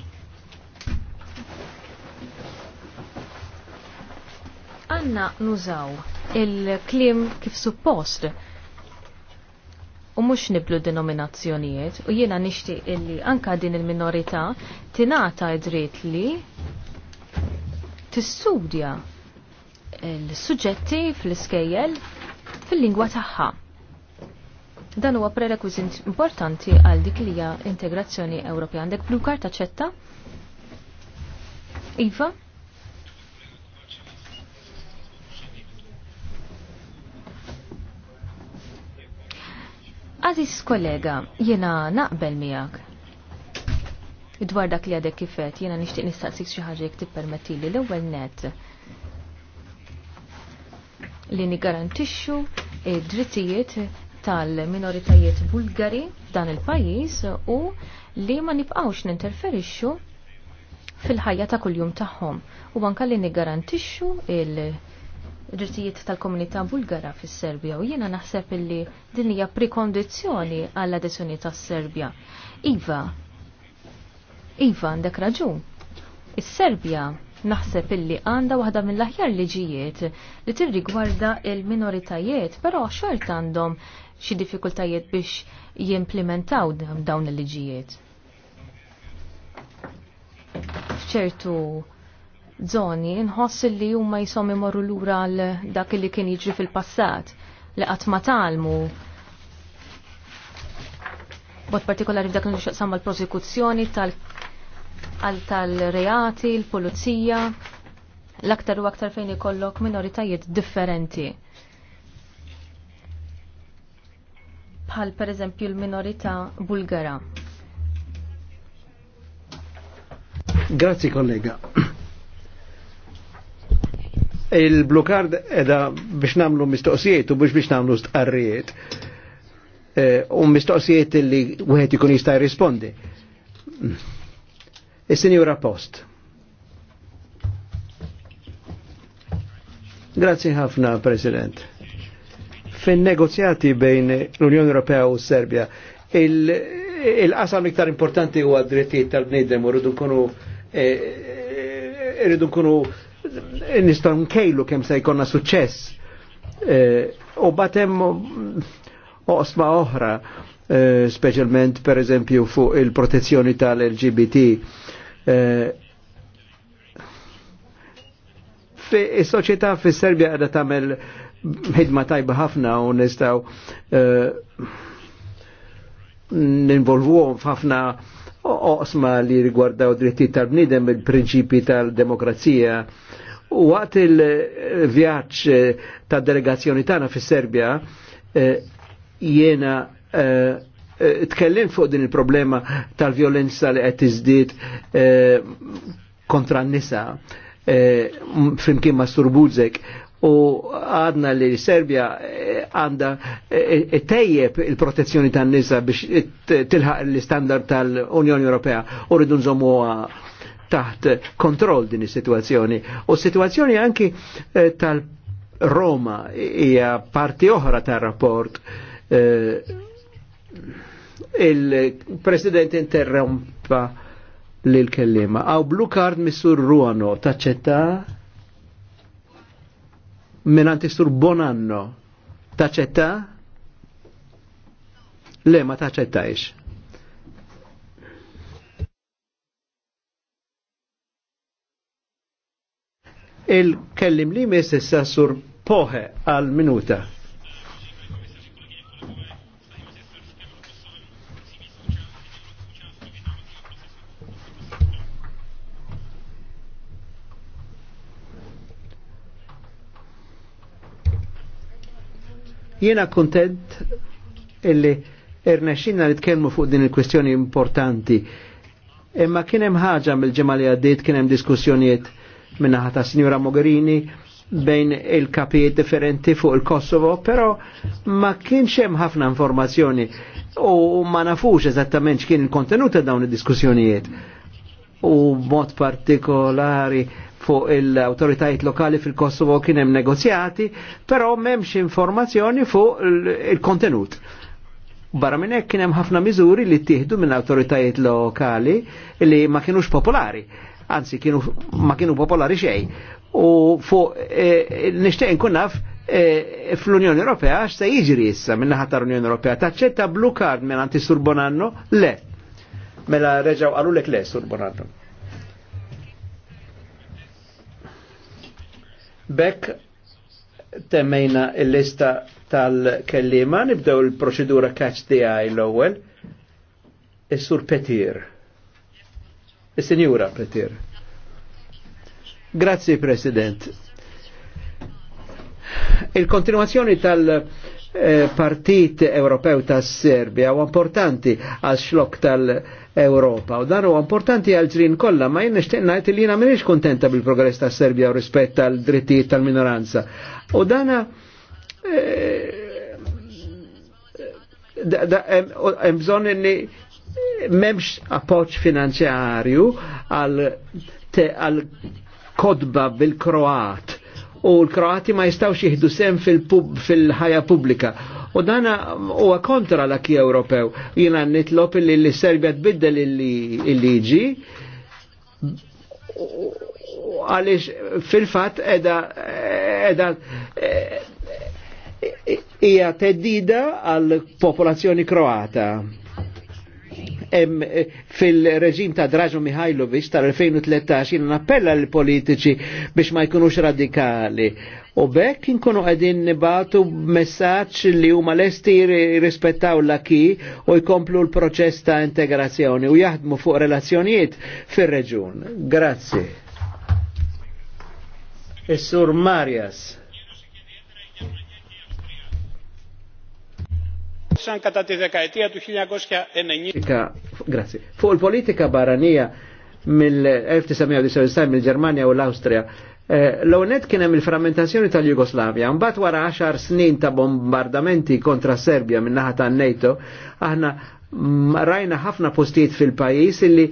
għanna nużaw il-klim kif suppost u mux niblu denominazzjonijiet u jiena nixtieq illi anka din il-minorità tingħata id-dritt li tistudja l-suġġetti fl-iskejjel fil-lingwa tagħha. Dan huwa prerequisit importanti għal dik li hija integrazzjoni Ewropea. Għandek blu karta ċetta? Iva? Aziz kollega, jena naqbel miegħek. Dwar dak li għadek kifet, jena nixtieq nistaqsik xi ħaġa jekk tippermettili l-ewwel net li nigarantixxu id-drittijiet tal-minoritajiet bulgari f'dan il-pajis u li ma nibqawx ninterferixxu fil-ħajja ta' kuljum tagħhom u anke li niggarantixxu il-drittijiet tal-komunità Bulgara fis-Serbja u jiena naħseb illi din hija prekondizzjoni għall adesjoni tas-Serbja. Iva, Iva għandek raġun. Is-Serbja naħseb illi għanda waħda mill-aħjar liġijiet li tirrigwarda il-minoritajiet, però xort għandhom xi diffikultajiet biex jimplementaw dawn il-liġijiet. F'ċertu zoni nħoss li huma jisom imorru lura għal dak li kien jiġri fil-passat li qatt ma talmu bot partikolari f'dak li xaqsam għal prosekuzzjoni tal-reati, l-pulizija, l-aktar u aktar fejn ikollok minoritajiet differenti. bħal per eżempju l-minorita bulgara. Grazzi kollega. il blokard edha biex namlu mistoqsijiet u biex biex namlu stqarrijiet. E, u mistoqsijiet li u għet ikun jistaj rispondi. Il-senjura Post. Grazie ħafna, President fin-negozjati bejn l-Unjoni Ewropea u Serbja il-qasam iktar importanti huwa d-drittijiet tal bnidem u rridu nkunu e, e, rridu nkunu nistgħu nkejlu kemm se jkollna suċċess e, u batem oqsma oħra speċjalment per eżempju fuq il-protezzjoni tal-LGBT fi s soċjetà fis-Serbja qiegħda tagħmel ħidma tajba ħafna u nistaw eh, ninvolvuhom f'ħafna oqsma li rigwardaw drittijiet tal-bniedem il-prinċipi tal-demokrazija. U għat il-vjaġġ eh, ta' delegazzjoni tagħna fis-Serbja eh, jiena tkellim fuq din il-problema tal-violenza li qed iżdied kontra n-nisa flimkien ma' Sturbuzek u għadna li Serbia eh, għanda eh, eh, tejjeb il-protezzjoni tan nisa biex tilħaq l-standard tal-Unjoni Ewropea u rridu nżommu taħt kontroll din is-sitwazzjoni. U situazzjoni anki tal-Roma hija parti oħra tal rapport Il-President interrompa l kellima Għaw blu kard missur Ruano, taċċetta? minanti sur bonanno taċetta le ma taċettajx il-kellim li mis sur poħe għal minuta Jena kontent illi li tkellmu fuq din il-kwestjoni importanti. Imma kien hemm ħaġa mill ġimgħa li għaddiet kien hemm diskussjonijiet minnaħa ta' Sinjura Mogherini bejn il-kapijiet differenti fuq il-Kosovo, però ma kienx hemm ħafna informazzjoni u ma nafux eżattament x'kien il-kontenut ta' dawn id-diskussjonijiet. U mod partikolari fuq il-autoritajiet lokali fil-Kosovo kien hemm negozjati, però m'hemmx informazzjoni fuq il-kontenut. Barra minn hekk kien hemm ħafna miżuri li ttieħdu minn autoritajiet lokali li ma kienux popolari, anzi kienu ma kienu popolari xejn. U fuq e, nixtieq nkun naf e, fl-Unjoni Ewropea se jiġri issa minn naħa tal-Unjoni Ewropea taċċetta blue card minn anti Surbonanno? Le. Mela reġgħu qalulek le Surbonanno. Bekk temmejna il-lista tal-kellima, nibdew il-proċedura catch the eye l ewel Is-sur Petir. is senjura Petir. Grazzi President. Il-kontinuazzjoni tal- eh, Partit Ewropew tas Serbia u importanti għal xlok tal- Ewropa. U dan huwa importanti għal ġrin kollha, ma jien nixtieq ngħid li jiena m'iniex kuntenta bil-progress ta' Serbja u rispett tal drittijiet tal-minoranza. U dana eh, hemm bżonn inni memx appoċ finanzjarju għal kodba bil-Kroat u l-Kroati ma jistawx jihdu sem fil-ħajja fil pubblika. U dana huwa kontra l-akki Ewropew. Jina nitlop li l-Serbja tbiddel il-liġi għalix fil-fat edha edha e, e, hija teddida għal popolazzjoni kroata. Eh, fil-reġim ta' Draġu Mihajlovic tal-2013 jina appella l-politiċi biex ma jkunux radikali. U bekk inkunu għedin nibatu messaċ li huma lesti rispettaw l-aki u jkomplu l-proċess ta' integrazzjoni u jaħdmu fuq relazzjonijiet fir-reġun. Grazzi. Is-sur Marjas. επέδειξαν κατά τη δεκαετία του 1990. Grazie. Fuq il-politika barranija mill-1999 mill-Germania u l-Austria, l-onet kien il-frammentazzjoni tal-Jugoslavja, mbagħad wara 10 snin ta' bombardamenti kontra Serbja minn naħa nato aħna rajna ħafna postijiet fil-pajis illi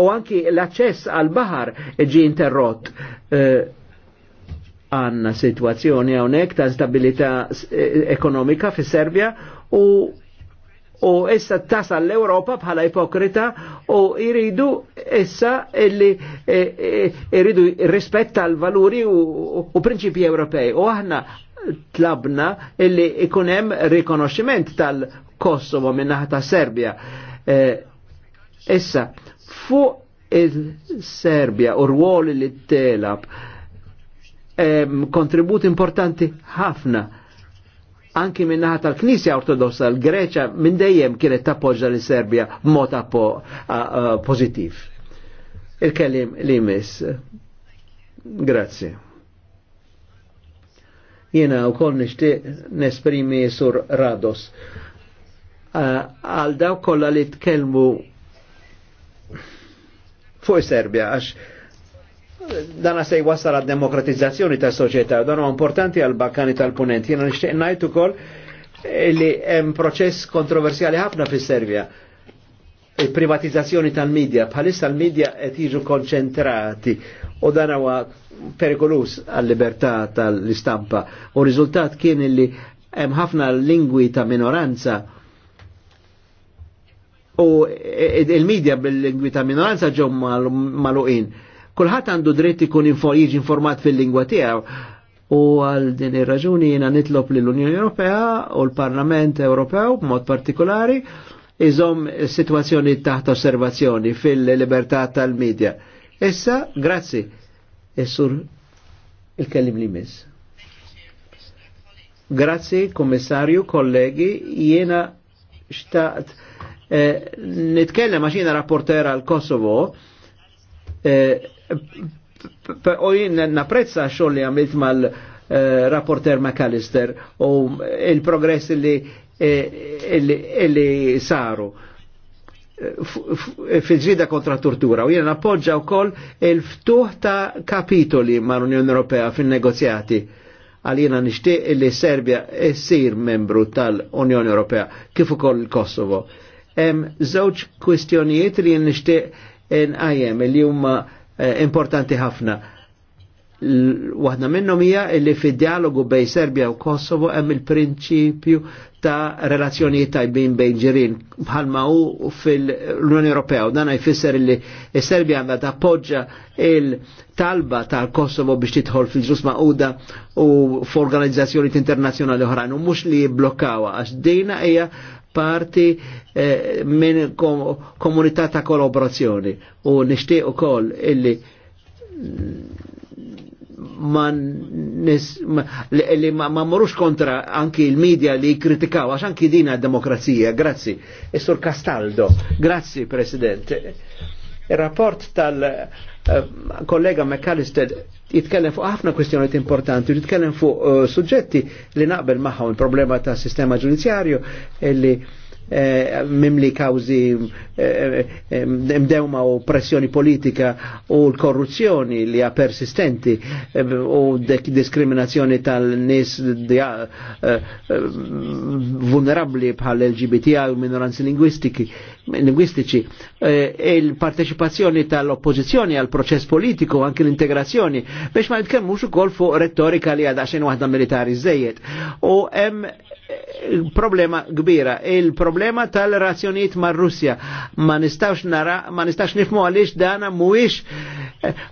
u anki l-aċċess għal-bahar ġi interrott għanna situazzjoni għonek ta' stabilita eh, ekonomika fi Serbia u u issa tasa l-Europa bħala ipokrita u iridu issa illi eh, eh, iridu rispetta l-valuri u, u prinċipi Ewropej. U aħna tlabna illi ikunem rikonoxximent tal-Kosovo minnaħa ta' Serbia. Issa, fuq il-Serbia u rwol li t-telab kontribut importanti ħafna anki minnaħat tal-Knisja Ortodossa l-Greċa minn dejjem kienet tappoġġa li Serbia b'mod appo pożittiv. Il-kellim li mis. Grazie. Jena u koll nishti nesprimi sur Rados. Għal daw kolla li tkellmu fuq Serbia għax dana sej jwassal għad demokratizzazzjoni ta' soċieta, dan importanti għal bakkani tal-punent. jena nishtiq najtu kol eh, li jem proċess kontroversjali ħafna fi Serbia. Il-privatizzazzjoni tal-medja, bħalissa l-medja qed jiġu konċentrati u dan huwa perikolus għall-libertà tal-istampa. U riżultat kien li hemm ħafna lingwi ta' minoranza u eh, il-medja bil-lingwi ta' minoranza ġew maluqin. Mal Kulħadd għandu dritt ikun jiġi informat fil-lingwa tiegħu. U għal din ir-raġuni jiena nitlob lill unjoni Ewropea u l-Parlament Ewropew b'mod partikolari iżom situazzjoni taħt osservazzjoni fil-libertà tal-medja. Issa, grazzi, Issur il-kellim li miss. Grazzi, kommissarju, kollegi, jiena xtaqt eh, nitkellem għaxina jiena rapportera għal Kosovo eh, u jien napprezza xogħol li għamilt mal-rapporter McAllister u il-progress li eh, li saru fil-ġrida kontra tortura u jena appoġġa u koll il-ftuħ ta' kapitoli ma' l-Unjoni Ewropea fil-negozjati għal jena nishtiq li Serbia essir membru tal-Unjoni Ewropea kif koll il-Kosovo. Em zoċ kwistjonijiet li jien in nqajjem li huma Eh, importanti ħafna. Waħna minnhom hija li fid-dialogu bejn Serbja u Kosovo hemm il-prinċipju ta' relazzjonijiet tajbin bejn ġirin bħalma hu fil-Unjoni Ewropea u dan jfisser li s-Serbja għandha tappoġġa il-talba tal-Kosovo biex tidħol fil-ġus maquda u f'organizzazzjonijiet internazzjonali oħrajn u mhux li jibblokkawha għax dejna hija parti eh, minn kom komunità ta' kollaborazzjoni u nixtieq ukoll illi ma, nis, ma, li, ma, ma morux kontra anki il-medja li kritikaw, għax anki dina demokrazija, grazzi. Istur e Castaldo, grazzi Presidente. Il-rapport tal-kollega eh, McAllister jitkellem fuq ħafna kwestjoniet importanti, jitkellem fuq eh, suġġetti li naqbel maħħom il-problema ta' sistema ġudizzjarju illi eh, mimli kawzi mdewma u pressjoni politika u l-korruzzjoni li ha persistenti u diskriminazzjoni tal-nis vulnerabli bħal LGBTI u minoranzi lingwistiki lingwistiċi, eh, il-parteċipazzjoni tal-oppozizjoni għal proċess politiku, anki l-integrazzjoni, biex ma nitkellmux ukoll fuq retorika li għadha xejn waħda militari żejjed. U hemm eh, problema kbira, il-problema tal razzjonijiet mar-Russja. Ma nistax nara, ma nistax nifmu għaliex dana mhuwiex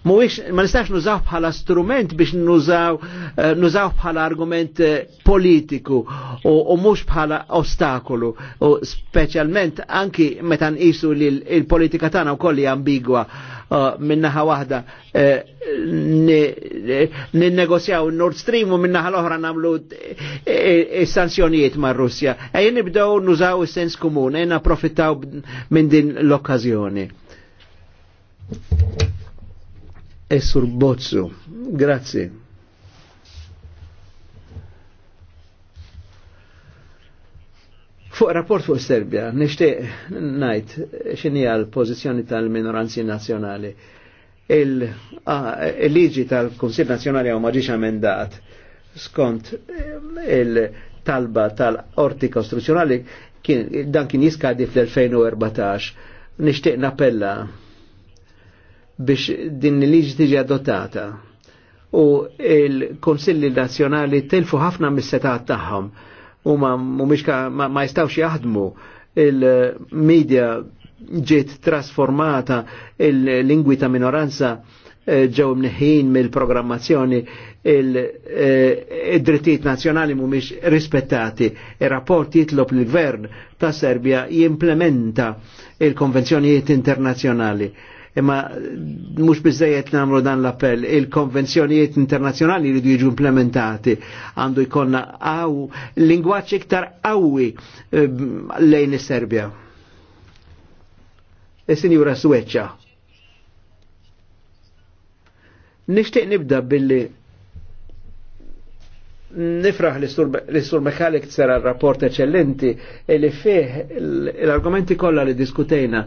Mwix, ma nistax nużaw bħala strument biex nużaw, eh, nużaw bħala argument eh, politiku u, u mux bħala ostakolu. U specialment anki meta isu li il politika tagħna wkoll kolli ambigwa uh, minnaħa wahda uh, ninnegozjaw Nord Stream u minnaħa l-oħra namlu sanzjonijiet ma' Russja. Ejn nibdew nużaw sens komune, ejn approfittaw minn din l-okkażjoni e sur Grazie. Fuq rapport fuq Serbia, nishtiq najt xini għal pozizjoni tal-minoranzi nazjonali. Il-liġi il tal-Konsil Nazjonali għu maġiċ amendat skont il-talba tal-orti kostituzjonali dan kien jiskadi fl-2014. Nishtiq napella biex din il-liġi tiġi adottata. U il-Konsilli Nazzjonali telfu ħafna mis-setat tagħhom u ma, ma, ma jistawx jaħdmu il-medja ġiet trasformata il-lingwi ta' minoranza eh, ġew mneħin mill-programmazzjoni il-drittijiet eh, nazjonali mhumiex rispettati. Ir-rapport jitlob l-gvern ta' Serbia jimplementa il-konvenzjonijiet internazzjonali imma mhux biżejjed nagħmlu dan l-appell. Il-konvenzjonijiet internazzjonali li jiġu implementati għandu jkollna għaw lingwaġġ iktar qawwi ehm, lejn is-Serbja. Is-Sinjura e Sweċċa. Nixtieq nibda billi nifraħ li sur Mekalik tsera rapport eċellenti e li fih l-argumenti kollha li diskutejna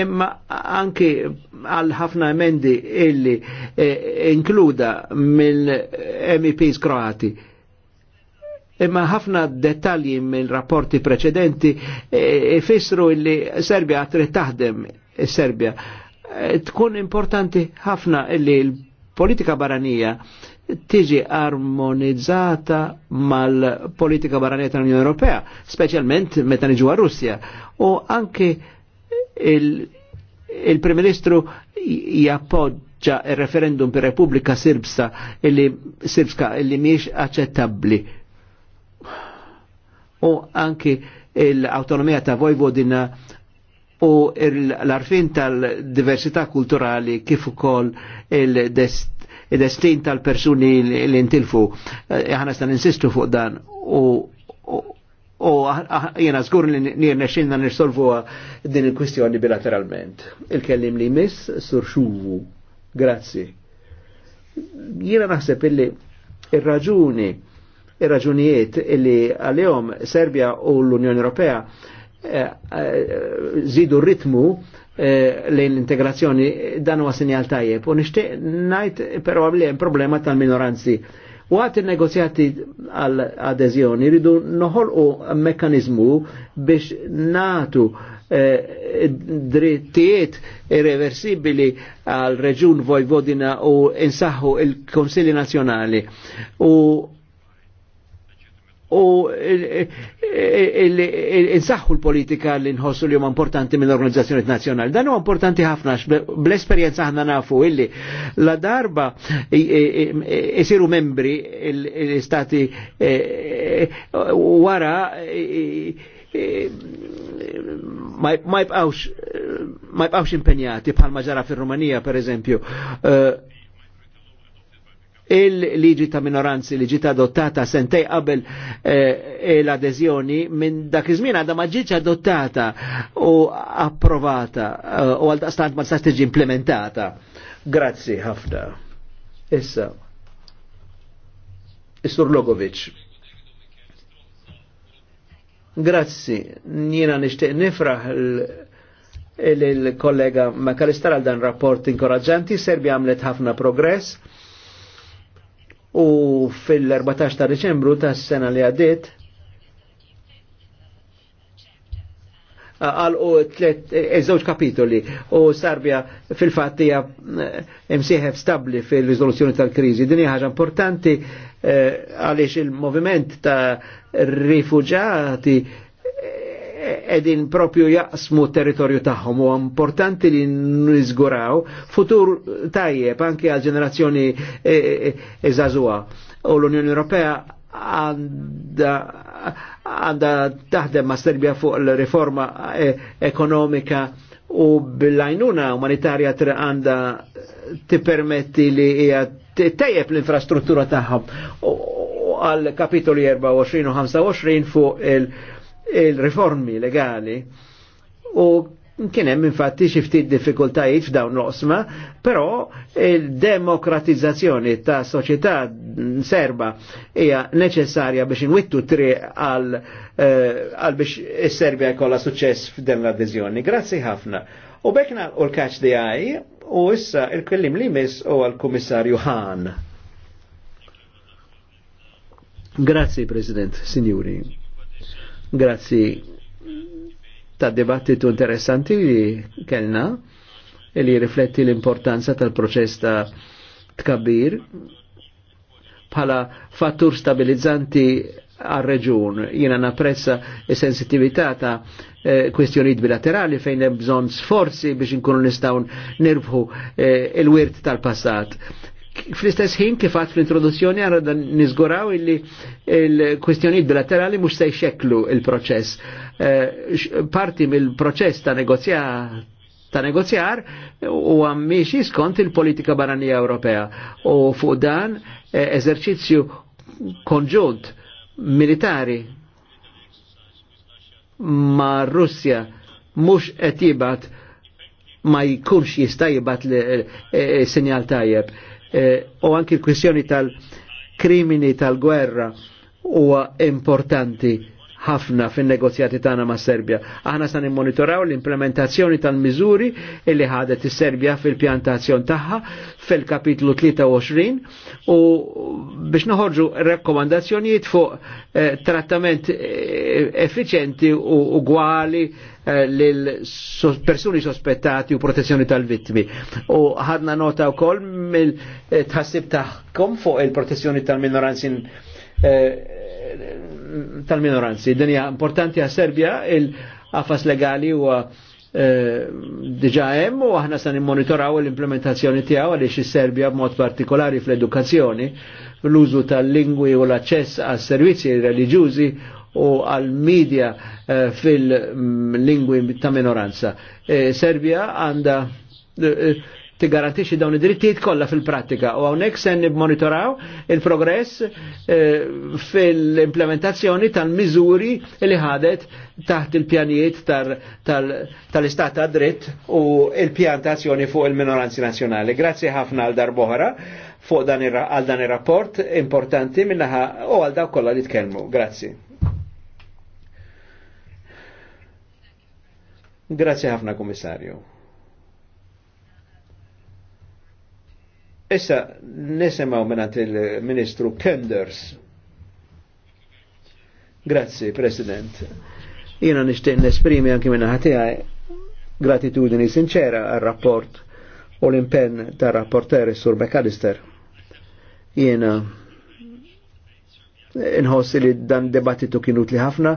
imma anki għal ħafna emendi illi eh, inkluda mill-MEPs kroati. Imma ħafna dettalji mill-rapporti preċedenti eh, ifissru illi Serbia għatri taħdem eh, Serbia. Tkun importanti ħafna illi l-politika baranija tiġi armonizzata mal-politika baranija tal-Unjoni Ewropea, speċjalment meta niġu Russja. U anke il-Prim Ministru jappoġġa il-referendum per Repubblika Sirbsa illi Sirbska illi miex aċċettabbli. U anki l-autonomija ta' Vojvodina u l-arfin tal-diversità kulturali kif ukoll il-destin tal-persuni l-intilfu. Eh, Aħna stan insistu fuq dan u u ah, ah, jena zgur li nirna xinna nirsolvu ah, din il-kwistjoni bilateralment. Il-kellim li miss surxuvu. Grazzi. Jena naħseb illi il-raġuni, il-raġunijiet illi għal-jom Serbia u l-Unjoni Ewropea eh, eh, zidu ritmu eh, lejn l-integrazzjoni dan huwa sinjal tajjeb u nixtieq ngħid però problema tal-minoranzi U għat il-negozjati għal-adezjoni rridu noħolqu mekkanizmu biex natu eh, drittijiet irreversibili għal reġun Vojvodina u insaħħu il-Konsili Nazjonali. U u insaħħu l-politika li nħossu li huma importanti mill-organizzazzjoni nazzjonali. Dan huwa importanti ħafna bl-esperjenza aħna nafu illi la darba isiru membri l-istati e- e- wara ma jibqawx impenjati bħal maġara fir-Rumanija per eżempju e- il-liġi ta' minoranzi li ġiet adottata sentej qabel eh, l-adeżjoni minn dak iż-żmien għadha ma ġietx adottata u approvata eh, u għal daqstant ma tistax tiġi implementata. Grazzi ħafna. Issa. Isur Logovic. Grazzi, njina nishtiq nifraħ il-kollega Makalistar għal dan rapport inkoraġanti, Serbia għamlet ħafna progress u fil-14 ta' Deċembru ta' s sena li għaddit għal u iż-żewġ e, kapitoli u Sarbja fil-fatt hija eh, msieħeb stabli fil-riżoluzzjoni tal-kriżi. Din hija ħaġa importanti eh, għaliex il-moviment ta' rifugġati eh, edin propju jaqsmu territorju tagħhom u importanti li nizguraw futur tajjeb anke għal ġenerazzjoni iżażuha. E, e, u l-Unjoni Ewropea għanda taħdem ma' Serbia fuq l-riforma e, ekonomika u bil-lajnuna umanitarja għanda tippermetti li hija tejjeb l-infrastruttura tagħhom għal kapitoli 24 u 25 fuq il- il-riformi legali u kien hemm infatti xi ftit diffikultajiet f'dawn l-osma, però il-demokratizzazzjoni ta' soċieta serba hija neċessarja biex inwittu tri għal eh, għal biex is-Serbja jkollha suċċess f'den l-adeżjoni. Grazzi ħafna. U bekna u l-kaċ di għaj, u issa il-kellim li mis u għal-Kummissarju Hahn. Grazzi, President, Signori. Grazzi ta' dibattitu interessanti li kellna li rifletti l-importanza tal-proċess ta' tkabbir bħala fattur stabilizzanti għal-reġun. Jina napprezza sensitività ta' eh, kwestjonijiet eh, bilaterali fejn hemm bżonn sforzi biex inkunu nistgħu nirbħu eh, il-wirt tal-passat fl-istess ħin kif għat fl-introduzzjoni dan nizguraw illi il kwistjoni bilaterali mux se xeklu il-proċess. Eh, parti mill-proċess ta' negozjat ta' negozjar u għammiexi skont il-politika barranija Ewropea. U fuq dan eh, eżerċizzju konġunt militari ma' Russja mux etibat ma' jkunx jistajibat eh, sinjal tajjeb eh, o anche il questioni tal crimini, tal guerra o importanti ħafna fin-negozjati tagħna ma' Serbja. Aħna sa nimmonitoraw l-implementazzjoni tal-miżuri li ħadet is-Serbja fil-pjantazzjon tagħha fil-kapitlu 23 u biex noħorġu rekkomandazzjonijiet fuq eh, trattament eh, effiċenti u ugwali eh, lil persuni sospettati u protezzjoni tal-vittmi. U ħadna nota wkoll mill-tħassib eh, tagħkom fuq il-protezzjoni tal-minoranzi tal-minoranzi. Dinja importanti għas Serbja il għafas legali u eh, diġa hemm u aħna san nimmonitoraw l-implementazzjoni għal għaliex serbia b b'mod partikolari fl-edukazzjoni, l-użu tal-lingwi u l acċess għas servizzi reliġjużi u għal media eh, fil-lingwi ta' minoranza. Eh, serbia għanda tigarantixi dawn id-drittijiet kollha fil-prattika u hawnhekk se nibmonitoraw il-progress eh, fil-implementazzjoni tal-miżuri li ħadet taħt il-pjanijiet tal-istat ta' dritt u il-pjantazzjoni fuq il-minoranzi nazzjonali. Grazzi ħafna għal darbohra fuq dan ir-rapport importanti minnaħa u għal daw kollha li tkellmu. Grazzi. Grazie ħafna, Komissarju. Issa nisimaw minnant il-Ministru Kenders. Grazzi, President. Jena nishtiq nesprimi anki minna ħatijaj gratitudini sinċera għal-rapport u l-impenn ta' rapporter Sur McAllister. Jena nħossi li dan debattitu kienu li ħafna,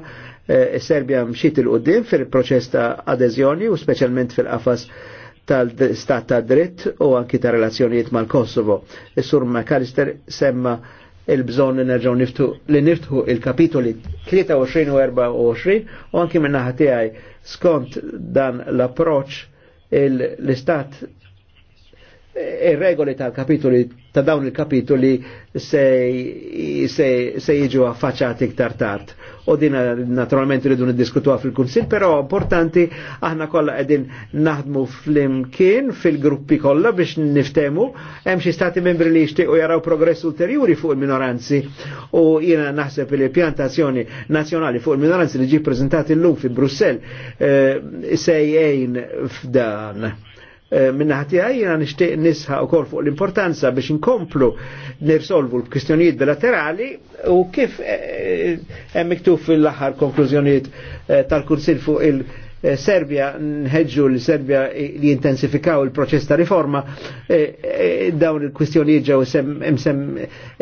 e, Serbia mxiet il-qoddim fil-proċess ta' adeżjoni u specialment fil-qafas tal-stat ta' dritt u anki ta' relazzjonijiet mal-Kosovo. Is-sur e McAllister semma il-bżon nerġaw niftu li niftħu il-kapitoli 23 u 24 u anki minna ħatijaj skont dan l-approċ l-istat il e regoli e tal-kapitoli ta' dawn il-kapitoli se, se, se jiġu affaċati iktar tard. U din naturalment rridu niddiskutuha fil-Kunsil, però importanti aħna kollha qegħdin naħdmu flimkien fil-gruppi kollha biex niftemu hemm xi stati membri li jixtiequ jaraw progress ulterjuri fuq il-minoranzi u jiena naħseb li pjantazzjoni nazzjonali fuq il-minoranzi li ġi preżentati llum fi Brussell e, eh, se jgħin f'dan Eh, minna ħati għajjena nishtiq nisħa u fuq l-importanza biex nkomplu nirsolvu l-kwistjonijiet bilaterali u kif eh, eh, hemm miktub fil-aħħar konklużjonijiet tal-Kunsil fuq il-Serbia nħedġu l-Serbia li jintensifikaw il-proċess ta' riforma dawn il-kwistjonijiet ġew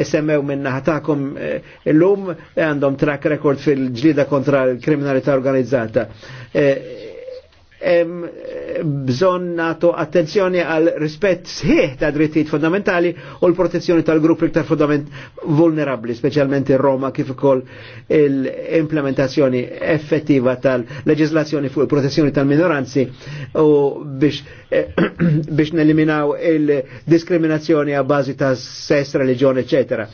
semmew minna ħatakom l-lum għandhom track record fil-ġlida kontra l-kriminalità organizzata bżon natu attenzjoni għal rispett sħiħ ta' drittijiet fondamentali u l-protezzjoni tal-grupp iktar fundament vulnerabli, specialment il-Roma kif ukoll l-implementazzjoni effettiva tal-leġislazzjoni fuq il-protezzjoni tal-minoranzi u biex, eh, biex neliminaw il-diskriminazzjoni a bazi ta' sess, religjon, ecc.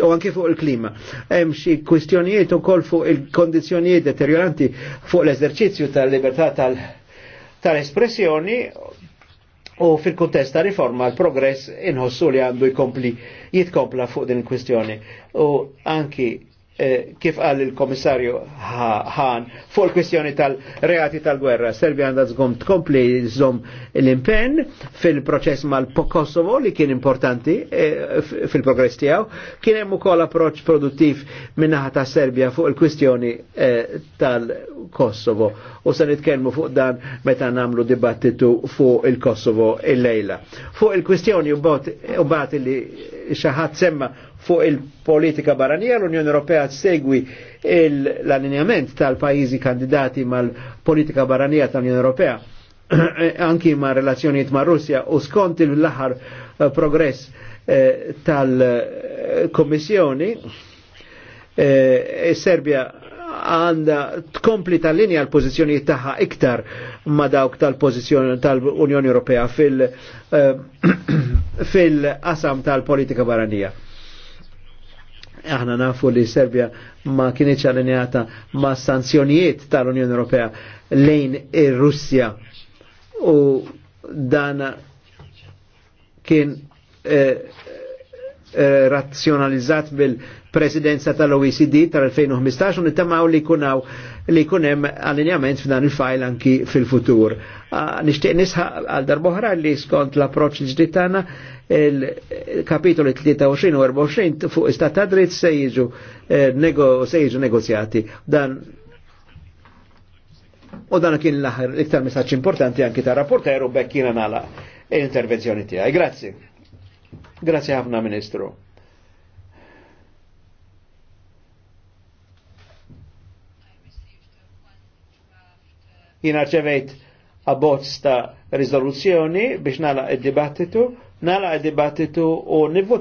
u anki fuq il-klima. Hemm xi kwistjonijiet ukoll fuq il-kondizzjonijiet deterioranti fuq l-eżerċizzju tal-libertà tal-, -libertà tal tal-espressjoni u fil kontest ta' riforma l-progress inħossu li għandu jkompli jitkompla fuq din il-kwistjoni. U anki Eh, kif qal il-komissarju Hahn fuq il-kwestjoni tal-reati tal-gwerra. Serbia għandha żgom tkompli żom l-impenn fil-proċess mal-Kosovo li kien importanti eh, fil-progress tiegħu. Kien hemm ukoll approċċ produttiv minnaħa ta' Serbia fuq il-kwestjoni eh, tal-Kosovo. U se nitkellmu fuq dan meta nagħmlu dibattitu fuq il-Kosovo il-lejla. Fuq il-kwestjoni u bat li xaħat semma fuq il-politika barranija l-Unjoni Ewropea segwi l-allineament tal-pajjiżi kandidati mal-politika barranija tal-Unjoni Ewropea anki ma' relazzjonijiet ma' Russja u skont il-laħar eh, progress eh, tal-Komissjoni eh, e Serbia għanda tkompli tal-linja l pozizjoni tagħha iktar ma dawk tal-pozizjoni tal-Unjoni Ewropea fil-qasam tal-politika barranija aħna nafu li Serbia ma kienieċ allinjata ma sanzjonijiet tal-Unjoni Ewropea lejn ir-Russja u dan kien eh, eh, razzjonalizzat bil- presidenza tal-OECD tal-2015 u nittamaw li kunaw li kunem allinjament f'dan il-fajl anki fil-futur. Ah, nishtiq nisħa għal darboħra li skont l-approċ ġdid tagħna il-kapitoli 23 u 24 fuq istat ta' dritt eh, se jiġu negozjati. Dan u dan kien l-aħħar iktar messaġġ importanti anki ta' rapporter u bekk kiena nala intervenzjoni tiegħi. Grazzi. Grazie ħafna Ministru. Jina ċevejt abbozz ta' rizoluzzjoni biex nala id-dibattitu, nala id-dibattitu u nivvot